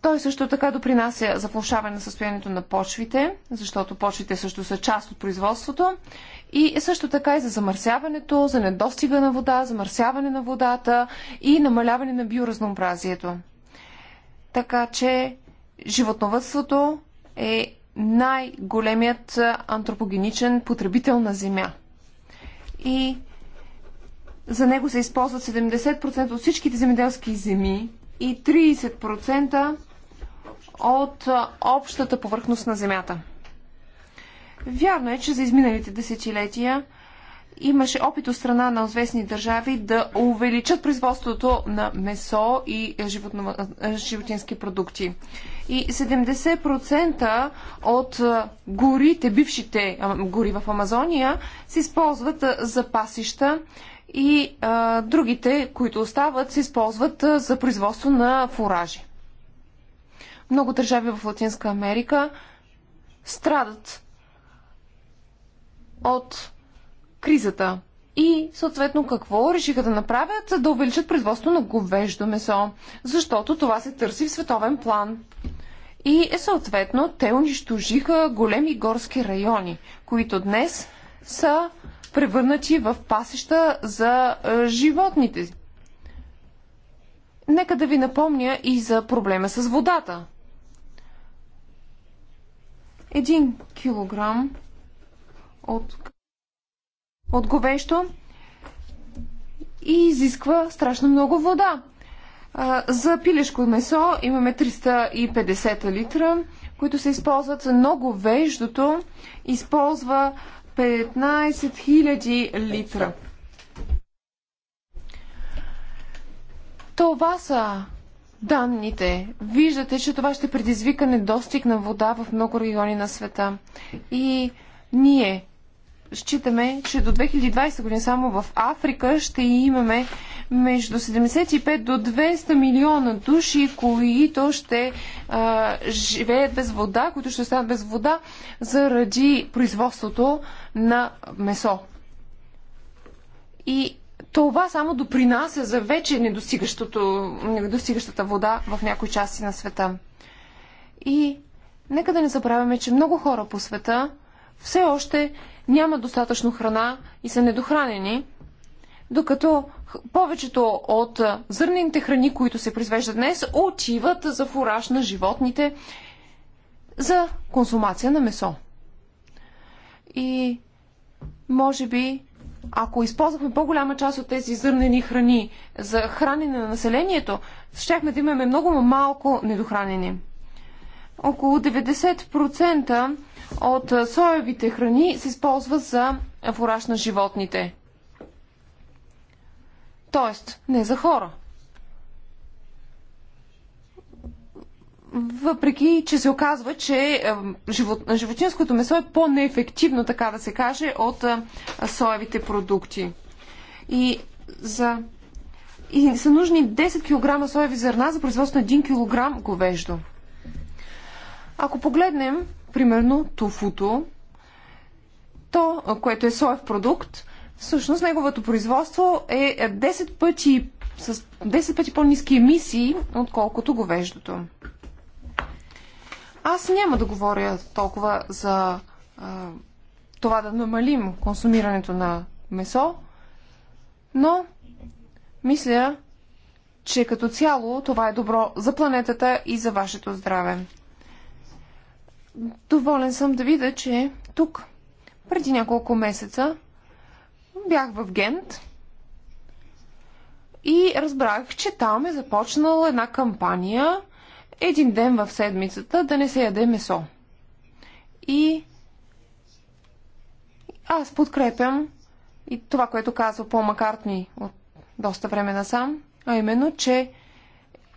Той също така допринася за влушаване на състоянието на почвите, защото почвите също са част от производството и също така и за замърсяването, за недостига на вода, замърсяване на водата и намаляване на биоразнообразието. Така че животновътството е най-големият антропогеничен потребител на земя. И за него се използват 70% от всичките земеделски земи и 30% от общата повърхност на земята. Вярно е, че за изминалите десетилетия имаше опит от страна на известни държави да увеличат производството на месо и животински продукти и 70% от горите, бившите гори в Амазония, се използват за пасища и а, другите, които остават, се използват за производство на фуражи. Много държави в Латинска Америка страдат от кризата. И, съответно, какво решиха да направят? Да увеличат производство на говеждо месо, защото това се търси в световен план. И е, съответно те унищожиха големи горски райони, които днес са превърнати в пасища за е, животните. Нека да ви напомня и за проблема с водата. Един килограм от, от говещо и изисква страшно много вода. За пилешко месо имаме 350 литра, които се използват за много веждото. Използва 15 000 литра. Това са данните. Виждате, че това ще предизвика недостиг на вода в много райони на света. И ние считаме, че до 2020 година само в Африка ще имаме между 75 до 200 милиона души, които ще а, живеят без вода, които ще останат без вода заради производството на месо. И това само допринася за вече недостигащата вода в някои части на света. И нека да не забравяме, че много хора по света все още няма достатъчно храна и са недохранени, докато повечето от зърнените храни, които се произвеждат днес, отиват за фураж на животните за консумация на месо. И може би, ако използвахме по-голяма част от тези зърнени храни за хранене на населението, щяхме да имаме много малко недохранени. Около 90% от соевите храни се използват за фураж на животните. Тоест, не за хора. Въпреки, че се оказва, че е, живот, животинското месо е по-неефективно, така да се каже, от е, соевите продукти. И за и са нужни 10 кг соеви зърна за производство на 1 кг говеждо. Ако погледнем, примерно, тофуто, то, което е соев продукт, всъщност неговото производство е 10 пъти, с 10 пъти по-низки емисии, отколкото говеждото. Аз няма да говоря толкова за а, това да намалим консумирането на месо, но мисля, че като цяло това е добро за планетата и за вашето здраве. Доволен съм да видя, че тук преди няколко месеца бях в Гент и разбрах, че там е започнала една кампания един ден в седмицата да не се яде месо. И аз подкрепям и това, което казва по Маккартни от доста време насам, а именно, че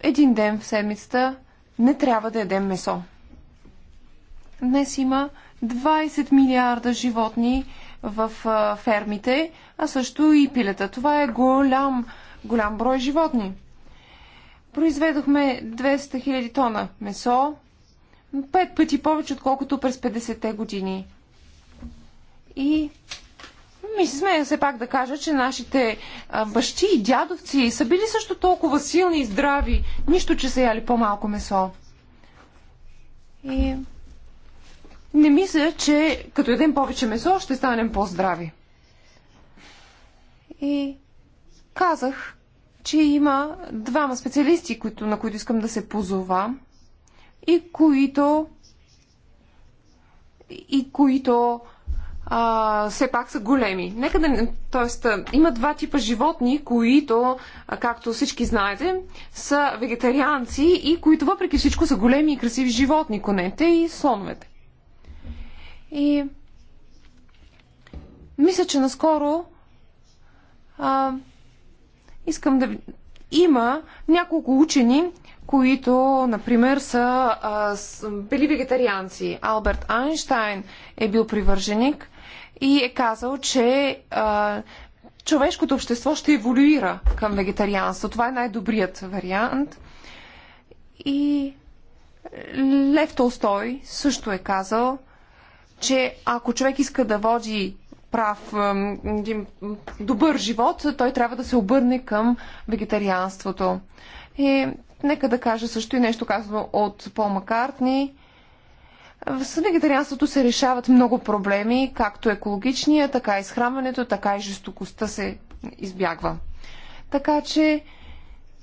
един ден в седмицата не трябва да ядем месо. Днес има 20 милиарда животни, в фермите, а също и пилета. Това е голям, голям брой животни. Произведохме 200 000 тона месо, пет пъти повече, отколкото през 50-те години. И ми се смея все пак да кажа, че нашите бащи и дядовци са били също толкова силни и здрави, нищо, че са яли по-малко месо. И не мисля, че като едем повече месо, ще станем по-здрави. И казах, че има двама специалисти, които, на които искам да се позова и които и които а, все пак са големи. Нека да. Тоест, има два типа животни, които, както всички знаете, са вегетарианци и които въпреки всичко са големи и красиви животни, конете и слоновете. И мисля, че наскоро а, искам да. Има няколко учени, които, например, са а, с, били вегетарианци. Алберт Айнштайн е бил привърженик и е казал, че а, човешкото общество ще еволюира към вегетарианство. Това е най-добрият вариант. И Лев Толстой също е казал, че ако човек иска да води прав, добър живот, той трябва да се обърне към вегетарианството. И нека да кажа също и нещо казано от Пол Маккартни. С вегетарианството се решават много проблеми, както екологичния, така и схранването, така и жестокостта се избягва. Така че,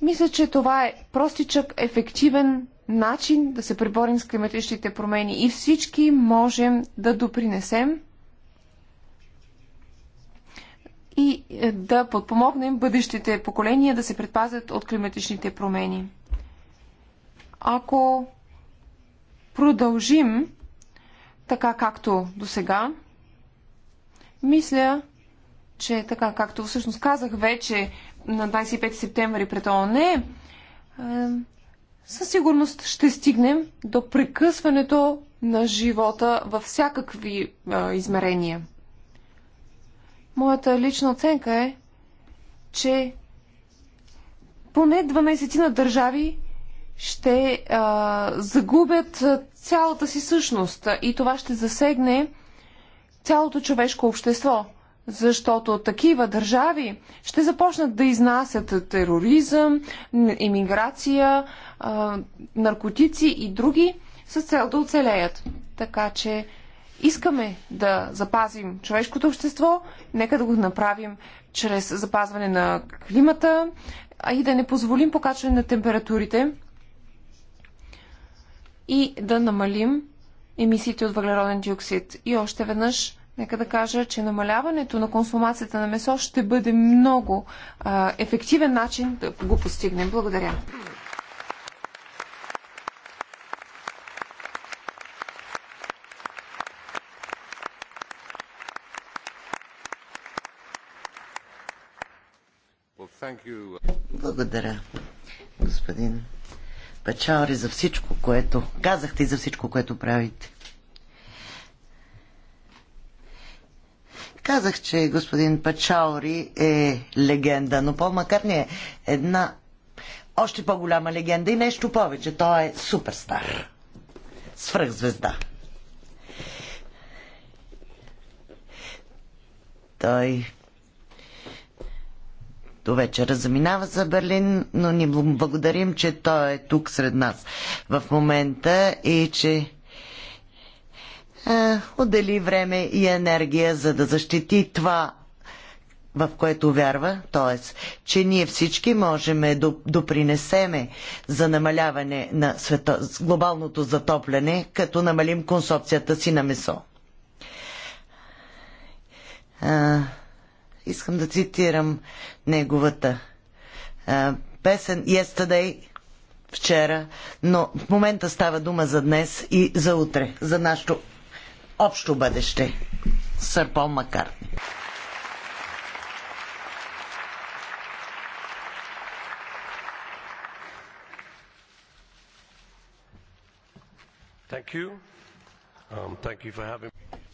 мисля, че това е простичък, ефективен начин да се преборим с климатичните промени и всички можем да допринесем и е, да подпомогнем бъдещите поколения да се предпазят от климатичните промени. Ако продължим така както до сега, мисля, че така както всъщност казах вече на 25 септември пред ООН, е, със сигурност ще стигнем до прекъсването на живота във всякакви а, измерения. Моята лична оценка е, че поне 12 на държави ще а, загубят цялата си същност и това ще засегне цялото човешко общество защото такива държави ще започнат да изнасят тероризъм, иммиграция, наркотици и други с цел да оцелеят. Така че искаме да запазим човешкото общество, нека да го направим чрез запазване на климата, а и да не позволим покачване на температурите и да намалим емисиите от въглероден диоксид. И още веднъж Нека да кажа, че намаляването на консумацията на месо ще бъде много а, ефективен начин да го постигнем. Благодаря. Благодаря, господин Печаори, за всичко, което казахте и за всичко, което правите. Казах, че господин Пачаури е легенда, но по-макар не е една още по-голяма легенда и нещо повече. Той е суперстар. Свръхзвезда. Той до вечера заминава за Берлин, но ни благодарим, че той е тук сред нас в момента и че е, отдели време и енергия, за да защити това, в което вярва, т.е. че ние всички можем да допринесеме за намаляване на света, глобалното затопляне, като намалим консопцията си на месо. А, е, искам да цитирам неговата а, е, песен Yesterday вчера, но в момента става дума за днес и за утре, за нашето общо бъдеще. Сър Пол Маккартни. Um,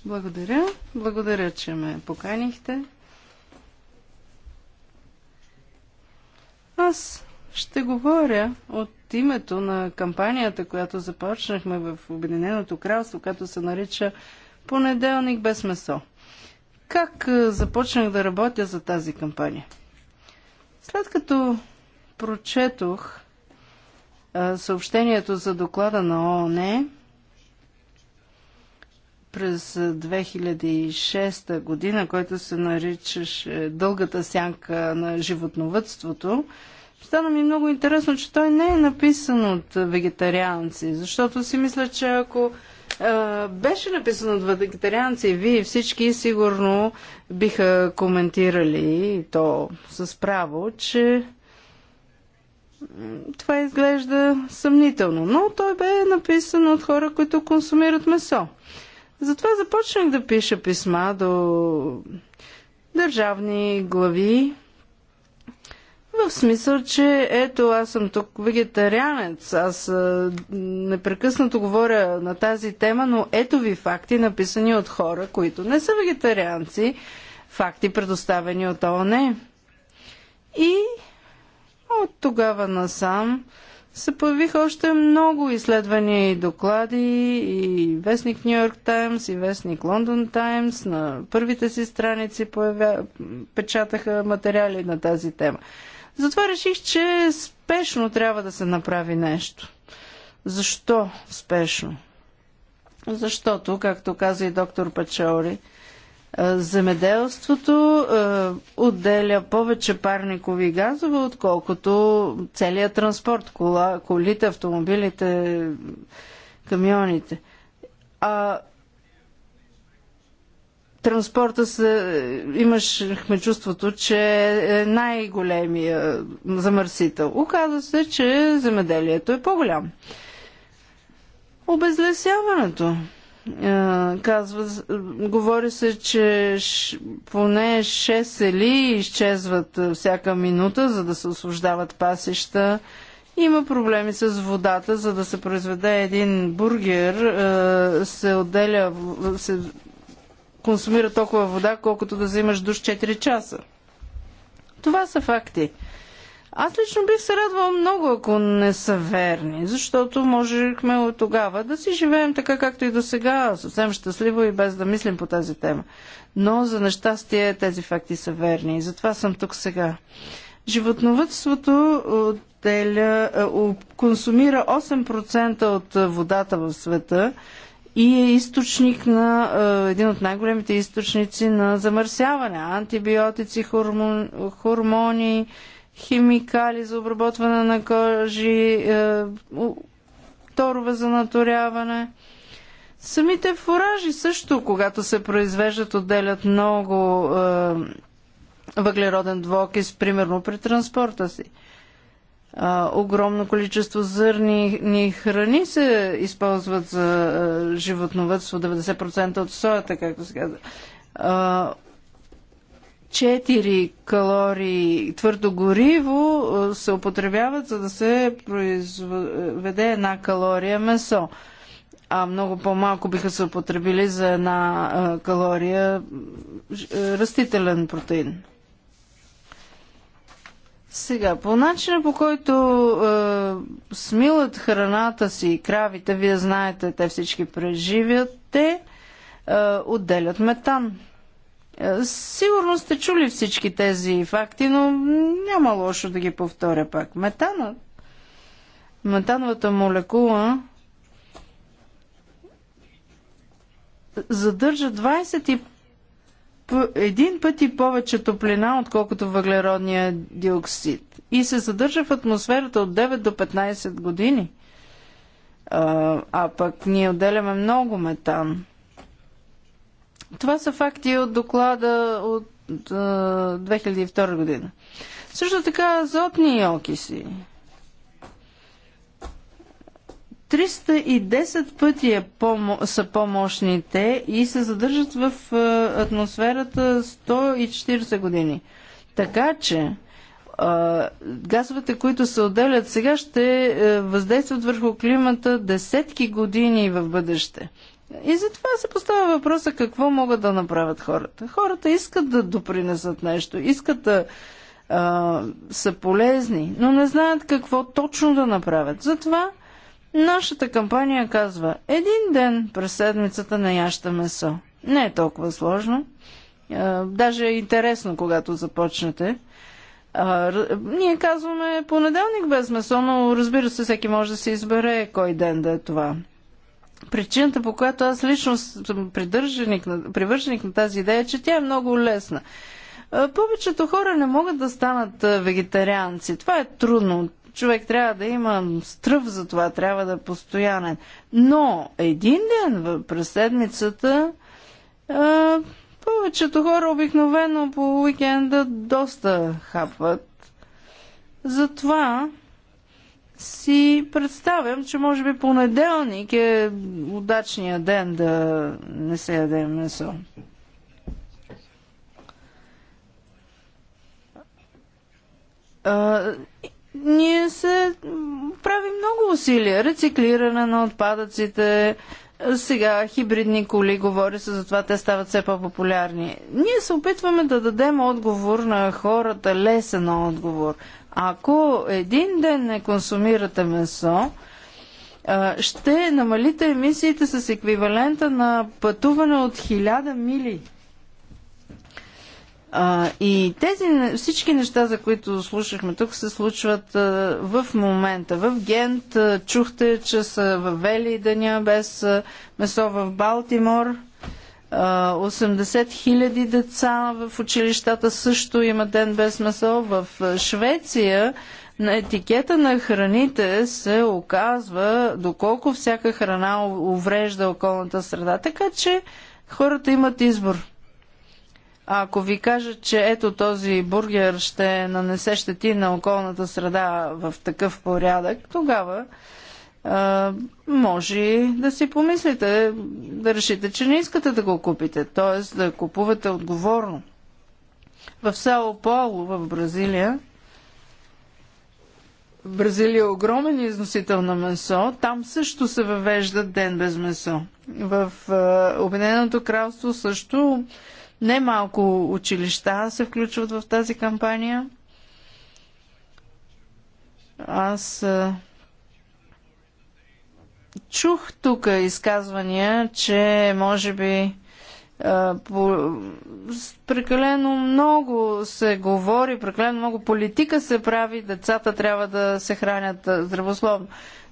Благодаря. Благодаря, че ме поканихте. Аз ще говоря от името на кампанията, която започнахме в Обединеното кралство, която се нарича Понеделник без месо. Как е, започнах да работя за тази кампания? След като прочетох е, съобщението за доклада на ООН през 2006 е, година, който се наричаше Дългата сянка на животновътството, Стана ми много интересно, че той не е написан от вегетарианци, защото си мисля, че ако е, беше написан от вегетарианци, вие всички сигурно биха коментирали, и то с право, че това изглежда съмнително. Но той бе написан от хора, които консумират месо. Затова започнах да пиша писма до държавни глави, в смисъл, че ето аз съм тук вегетарианец, аз а, непрекъснато говоря на тази тема, но ето ви факти, написани от хора, които не са вегетарианци, факти предоставени от ООН. И от тогава насам се появиха още много изследвания и доклади, и вестник Нью Йорк Таймс, и вестник Лондон Таймс, на първите си страници появя... печатаха материали на тази тема. Затова реших, че спешно трябва да се направи нещо. Защо спешно? Защото, както каза и доктор Пачори, е, земеделството е, отделя повече парникови газове, отколкото целият транспорт, кола, колите, автомобилите, камионите. А транспорта са, е, имахме чувството, че е най-големия замърсител. Оказва се, че земеделието е по-голямо. Обезлесяването. Е, казва, говори се, че поне 6 сели изчезват е, всяка минута, за да се освобождават пасища. Има проблеми с водата, за да се произведе един бургер, се отделя, се консумира толкова вода, колкото да взимаш душ 4 часа. Това са факти. Аз лично бих се радвал много, ако не са верни, защото можехме от тогава да си живеем така, както и до сега, съвсем щастливо и без да мислим по тази тема. Но за нещастие тези факти са верни и затова съм тук сега. Животновътството отделя, е, консумира 8% от водата в света, и е източник на е, един от най-големите източници на замърсяване. Антибиотици, хормон, хормони, химикали за обработване на кожи, е, торове за наторяване. Самите фуражи също, когато се произвеждат, отделят много е, въглероден двокис, примерно при транспорта си. Е, а, огромно количество зърни ни храни се използват за а, животновътство, 90% от соята, както се казва. Четири калории твърдо гориво се употребяват, за да се произведе една калория месо. А много по-малко биха се употребили за една калория растителен протеин. Сега, по начина по който е, смилат храната си кравите, вие знаете, те всички преживят, те е, отделят метан. Е, сигурно сте чули всички тези факти, но няма лошо да ги повторя пак. Метанът, метановата молекула задържа 25 един път и повече топлина, отколкото въглеродния диоксид. И се задържа в атмосферата от 9 до 15 години. А, а пък ние отделяме много метан. Това са факти от доклада от 2002 година. Също така азотни окиси. 310 пъти е по са по мощните и се задържат в е, атмосферата 140 години. Така че а, е, газовете, които се отделят сега, ще въздействат върху климата десетки години в бъдеще. И затова се поставя въпроса какво могат да направят хората. Хората искат да допринесат нещо, искат да а, са полезни, но не знаят какво точно да направят. Затова Нашата кампания казва един ден през седмицата не яща месо. Не е толкова сложно. Даже е интересно, когато започнете. ние казваме понеделник без месо, но разбира се, всеки може да се избере кой ден да е това. Причината, по която аз лично съм на, привърженик на тази идея, е, че тя е много лесна. повечето хора не могат да станат вегетарианци. Това е трудно човек трябва да има стръв за това, трябва да е постоянен. Но един ден през седмицата а, повечето хора обикновено по уикенда доста хапват. Затова си представям, че може би понеделник е удачният ден да не се яде месо ние се прави много усилия. Рециклиране на отпадъците, сега хибридни коли, говори се, затова те стават все по-популярни. Ние се опитваме да дадем отговор на хората, лесен отговор. Ако един ден не консумирате месо, ще намалите емисиите с еквивалента на пътуване от 1000 мили. А, и тези всички неща, за които слушахме тук, се случват а, в момента. В Гент а, чухте, че са въвели деня без а, месо в Балтимор. А, 80 хиляди деца в училищата също има ден без месо. В Швеция на етикета на храните се оказва доколко всяка храна уврежда околната среда. Така че хората имат избор. А ако ви кажа, че ето този бургер ще нанесе щети на околната среда в такъв порядък, тогава а, може да си помислите, да решите, че не искате да го купите, т.е. да купувате отговорно. В Сао Поло, в Бразилия, Бразилия е огромен износител на месо. Там също се въвежда ден без месо. В Обединеното кралство също Немалко училища се включват в тази кампания. Аз чух тук изказвания, че може би по... Прекалено много се говори, прекалено много политика се прави, децата трябва да се хранят здравословно.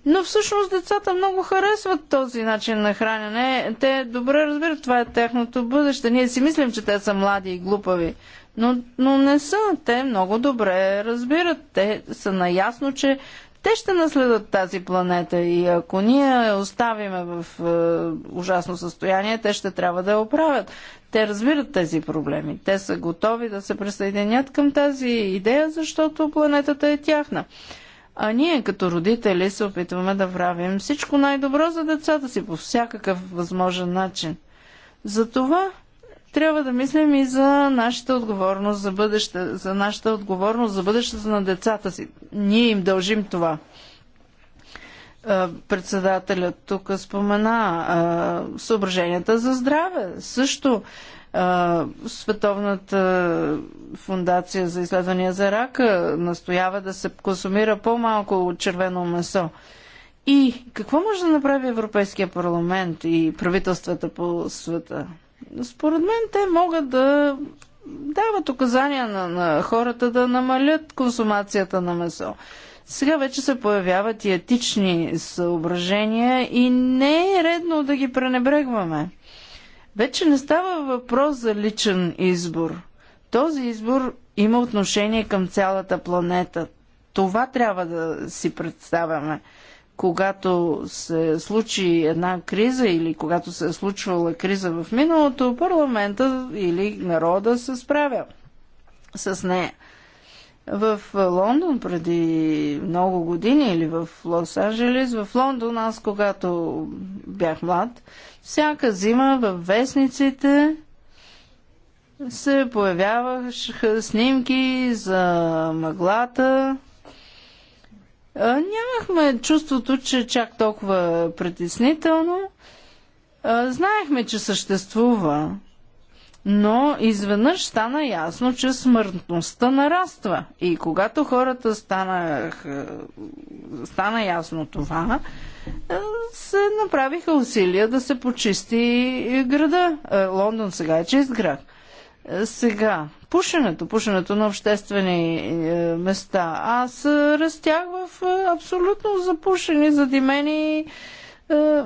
Но всъщност децата много харесват този начин на хранене. Те добре разбират, това е техното бъдеще. Ние си мислим, че те са млади и глупави. Но, но не са. Те много добре разбират. Те са наясно, че те ще наследат тази планета и ако ние оставиме в е, ужасно състояние, те ще трябва да я оправят. Те разбират тези проблеми. Те са готови да се присъединят към тази идея, защото планетата е тяхна. А ние като родители се опитваме да правим всичко най-добро за децата си по всякакъв възможен начин. Затова трябва да мислим и за нашата отговорност за бъдеще, за нашата отговорност за бъдещето на децата си. Ние им дължим това. Председателят тук спомена съображенията за здраве. Също Световната фундация за изследвания за рака настоява да се консумира по-малко червено месо. И какво може да направи Европейския парламент и правителствата по света? Според мен те могат да дават указания на, на хората да намалят консумацията на месо. Сега вече се появяват и етични съображения и не е редно да ги пренебрегваме. Вече не става въпрос за личен избор. Този избор има отношение към цялата планета. Това трябва да си представяме когато се случи една криза или когато се е случвала криза в миналото, парламента или народа се справя с нея. В Лондон преди много години или в Лос-Анджелес, в Лондон аз когато бях млад, всяка зима в вестниците се появяваха снимки за мъглата, Нямахме чувството, че чак толкова притеснително. Знаехме, че съществува, но изведнъж стана ясно, че смъртността нараства. И когато хората станах, стана ясно това, се направиха усилия да се почисти града. Е, Лондон сега е чист град. Е, сега, пушенето, пушенето на обществени е, места. Аз е, растях в е, абсолютно запушени, задимени е,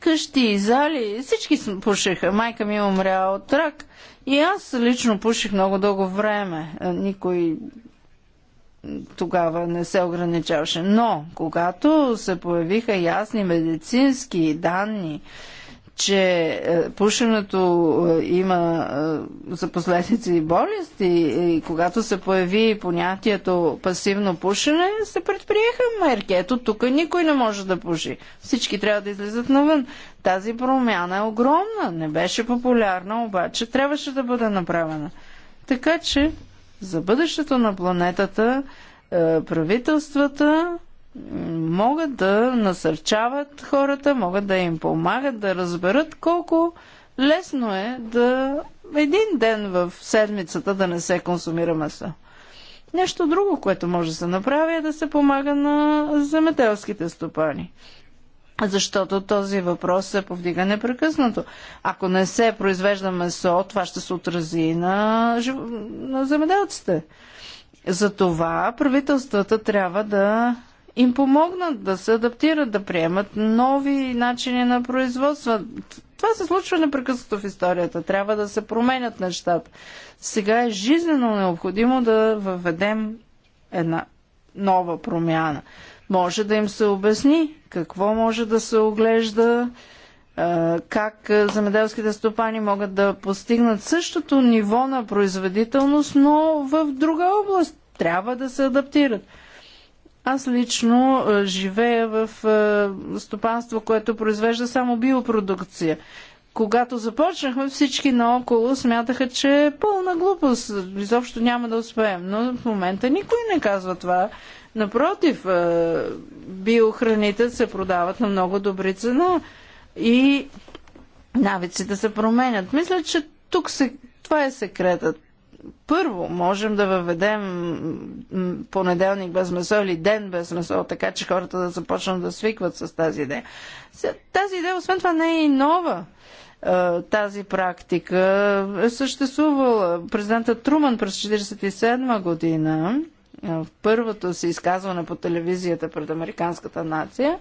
къщи, зали. Всички пушеха. Майка ми е умря от рак. И аз лично пуших много дълго време. Е, никой тогава не се ограничаваше. Но, когато се появиха ясни медицински данни, е, че е, пушенето е, има е, за последици и болести и когато се появи понятието пасивно пушене, се предприеха мерки. Ето тук никой не може да пуши. Всички трябва да излизат навън. Тази промяна е огромна. Не беше популярна, обаче трябваше да бъде направена. Така че за бъдещето на планетата правителствата могат да насърчават хората, могат да им помагат да разберат колко лесно е да един ден в седмицата да не се консумира месо. Нещо друго, което може да се направи е да се помага на земеделските стопани. Защото този въпрос се повдига непрекъснато. Ако не се произвежда месо, това ще се отрази на, на земеделците. Затова правителствата трябва да им помогнат да се адаптират, да приемат нови начини на производство. Това се случва непрекъснато в историята. Трябва да се променят нещата. Сега е жизнено необходимо да въведем една нова промяна. Може да им се обясни какво може да се оглежда, как земеделските стопани могат да постигнат същото ниво на производителност, но в друга област. Трябва да се адаптират. Аз лично е, живея в е, стопанство, което произвежда само биопродукция. Когато започнахме, всички наоколо смятаха, че е пълна глупост. Изобщо няма да успеем. Но в момента никой не казва това. Напротив, е, биохраните се продават на много добри цена и навиците се променят. Мисля, че тук се, това е секретът първо можем да въведем понеделник без месо или ден без месо, така че хората да започнат да свикват с тази идея. Тази идея, освен това, не е и нова. Е, тази практика е съществувала. президента Труман през 1947 година е, в първото си изказване по телевизията пред американската нация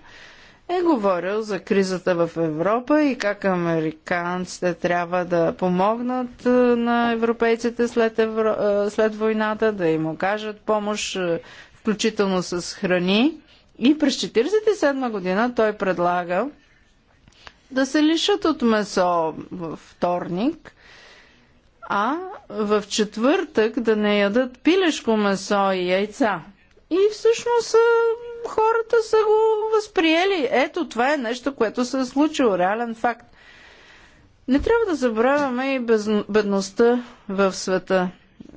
е говорил за кризата в Европа и как американците трябва да помогнат е, на европейците след, евро... Е, след войната, да им окажат помощ, е, включително с храни. И през 1947 година той предлага да се лишат от месо във вторник, а в четвъртък да не ядат пилешко месо и яйца. И всъщност хората са го възприели. Ето, това е нещо, което се е случило, реален факт. Не трябва да забравяме и без... бедността в света.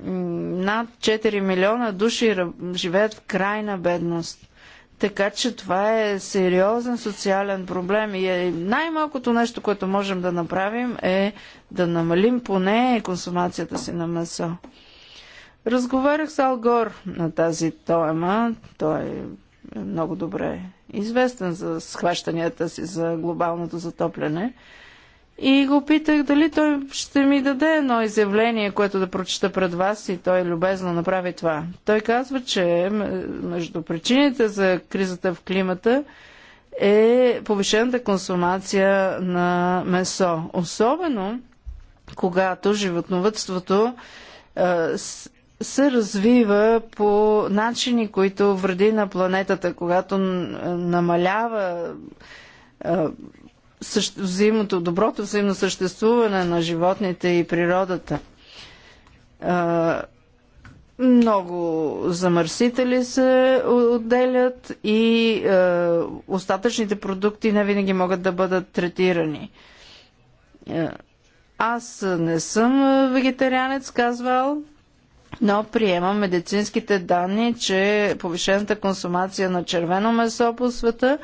Над 4 милиона души живеят в крайна бедност. Така че това е сериозен социален проблем и е най-малкото нещо, което можем да направим е да намалим поне консумацията си на месо. Разговарях с Алгор на тази тема. Той много добре известен за схващанията си за глобалното затопляне. И го питах дали той ще ми даде едно изявление, което да прочета пред вас и той любезно направи това. Той казва, че между причините за кризата в климата е повишената консумация на месо. Особено когато животновътството се развива по начини, които вреди на планетата, когато намалява взаимното, доброто взаимно съществуване на животните и природата. много замърсители се отделят и остатъчните продукти не винаги могат да бъдат третирани. Аз не съм вегетарианец, казвал, но приема медицинските данни, че повишената консумация на червено месо по света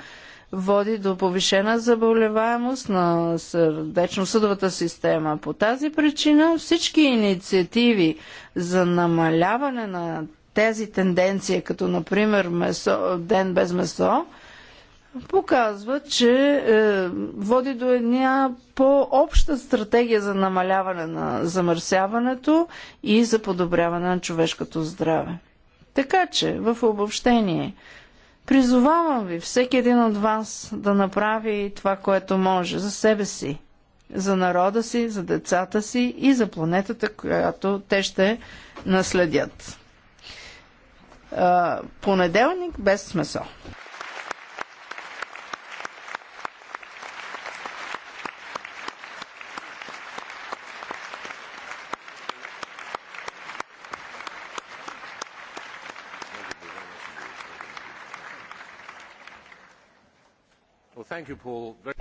води до повишена заболеваемост на сърдечно-съдовата система. По тази причина всички инициативи за намаляване на тези тенденции, като например месо, ден без месо, показва, че е, води до една по-обща стратегия за намаляване на замърсяването и за подобряване на човешкото здраве. Така че, в обобщение, призовавам ви всеки един от вас да направи това, което може за себе си, за народа си, за децата си и за планетата, която те ще наследят. Е, понеделник без смесо.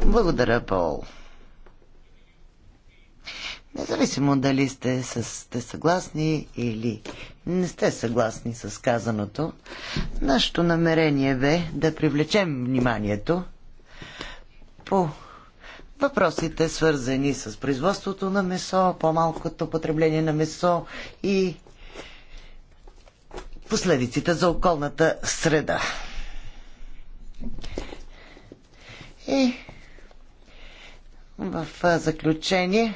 Благодаря, Пол. Независимо дали сте, с, сте съгласни или не сте съгласни с казаното, нашето намерение бе да привлечем вниманието по въпросите свързани с производството на месо, по-малкото потребление на месо и последиците за околната среда. И в заключение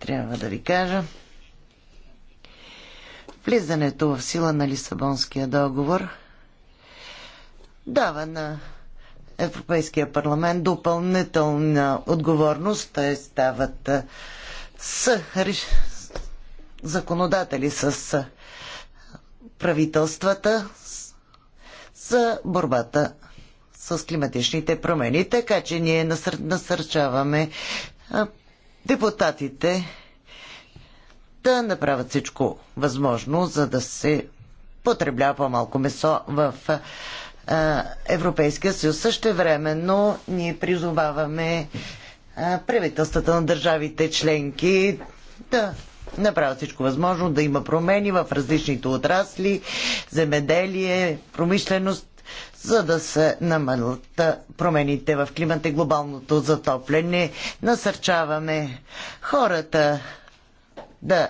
трябва да ви кажа влизането в сила на Лисабонския договор дава на Европейския парламент допълнителна отговорност, т.е. стават с законодатели с правителствата за борбата с климатичните промени. Така че ние насър... насърчаваме депутатите да направят всичко възможно, за да се потреблява по-малко месо в Европейския съюз. Също но ние призоваваме правителствата на държавите членки да направят всичко възможно, да има промени в различните отрасли, земеделие, промишленост, за да се намалят промените в климата и глобалното затопляне. Насърчаваме хората да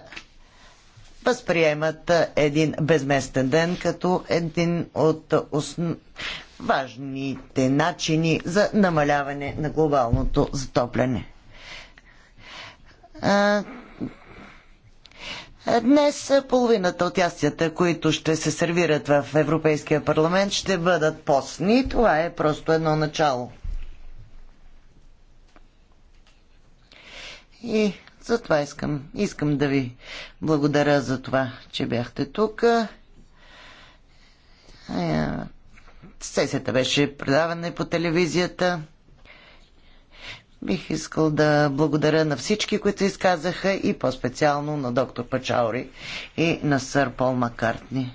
възприемат един безместен ден като един от основ... важните начини за намаляване на глобалното затопляне. Днес половината от ястията, които ще се сервират в Европейския парламент, ще бъдат постни. Това е просто едно начало. И затова искам, искам да ви благодаря за това, че бяхте тук. Е, сесията беше предаване по телевизията. Бих искал да благодаря на всички, които изказаха и по-специално на доктор Пачаури и на сър Пол Маккартни.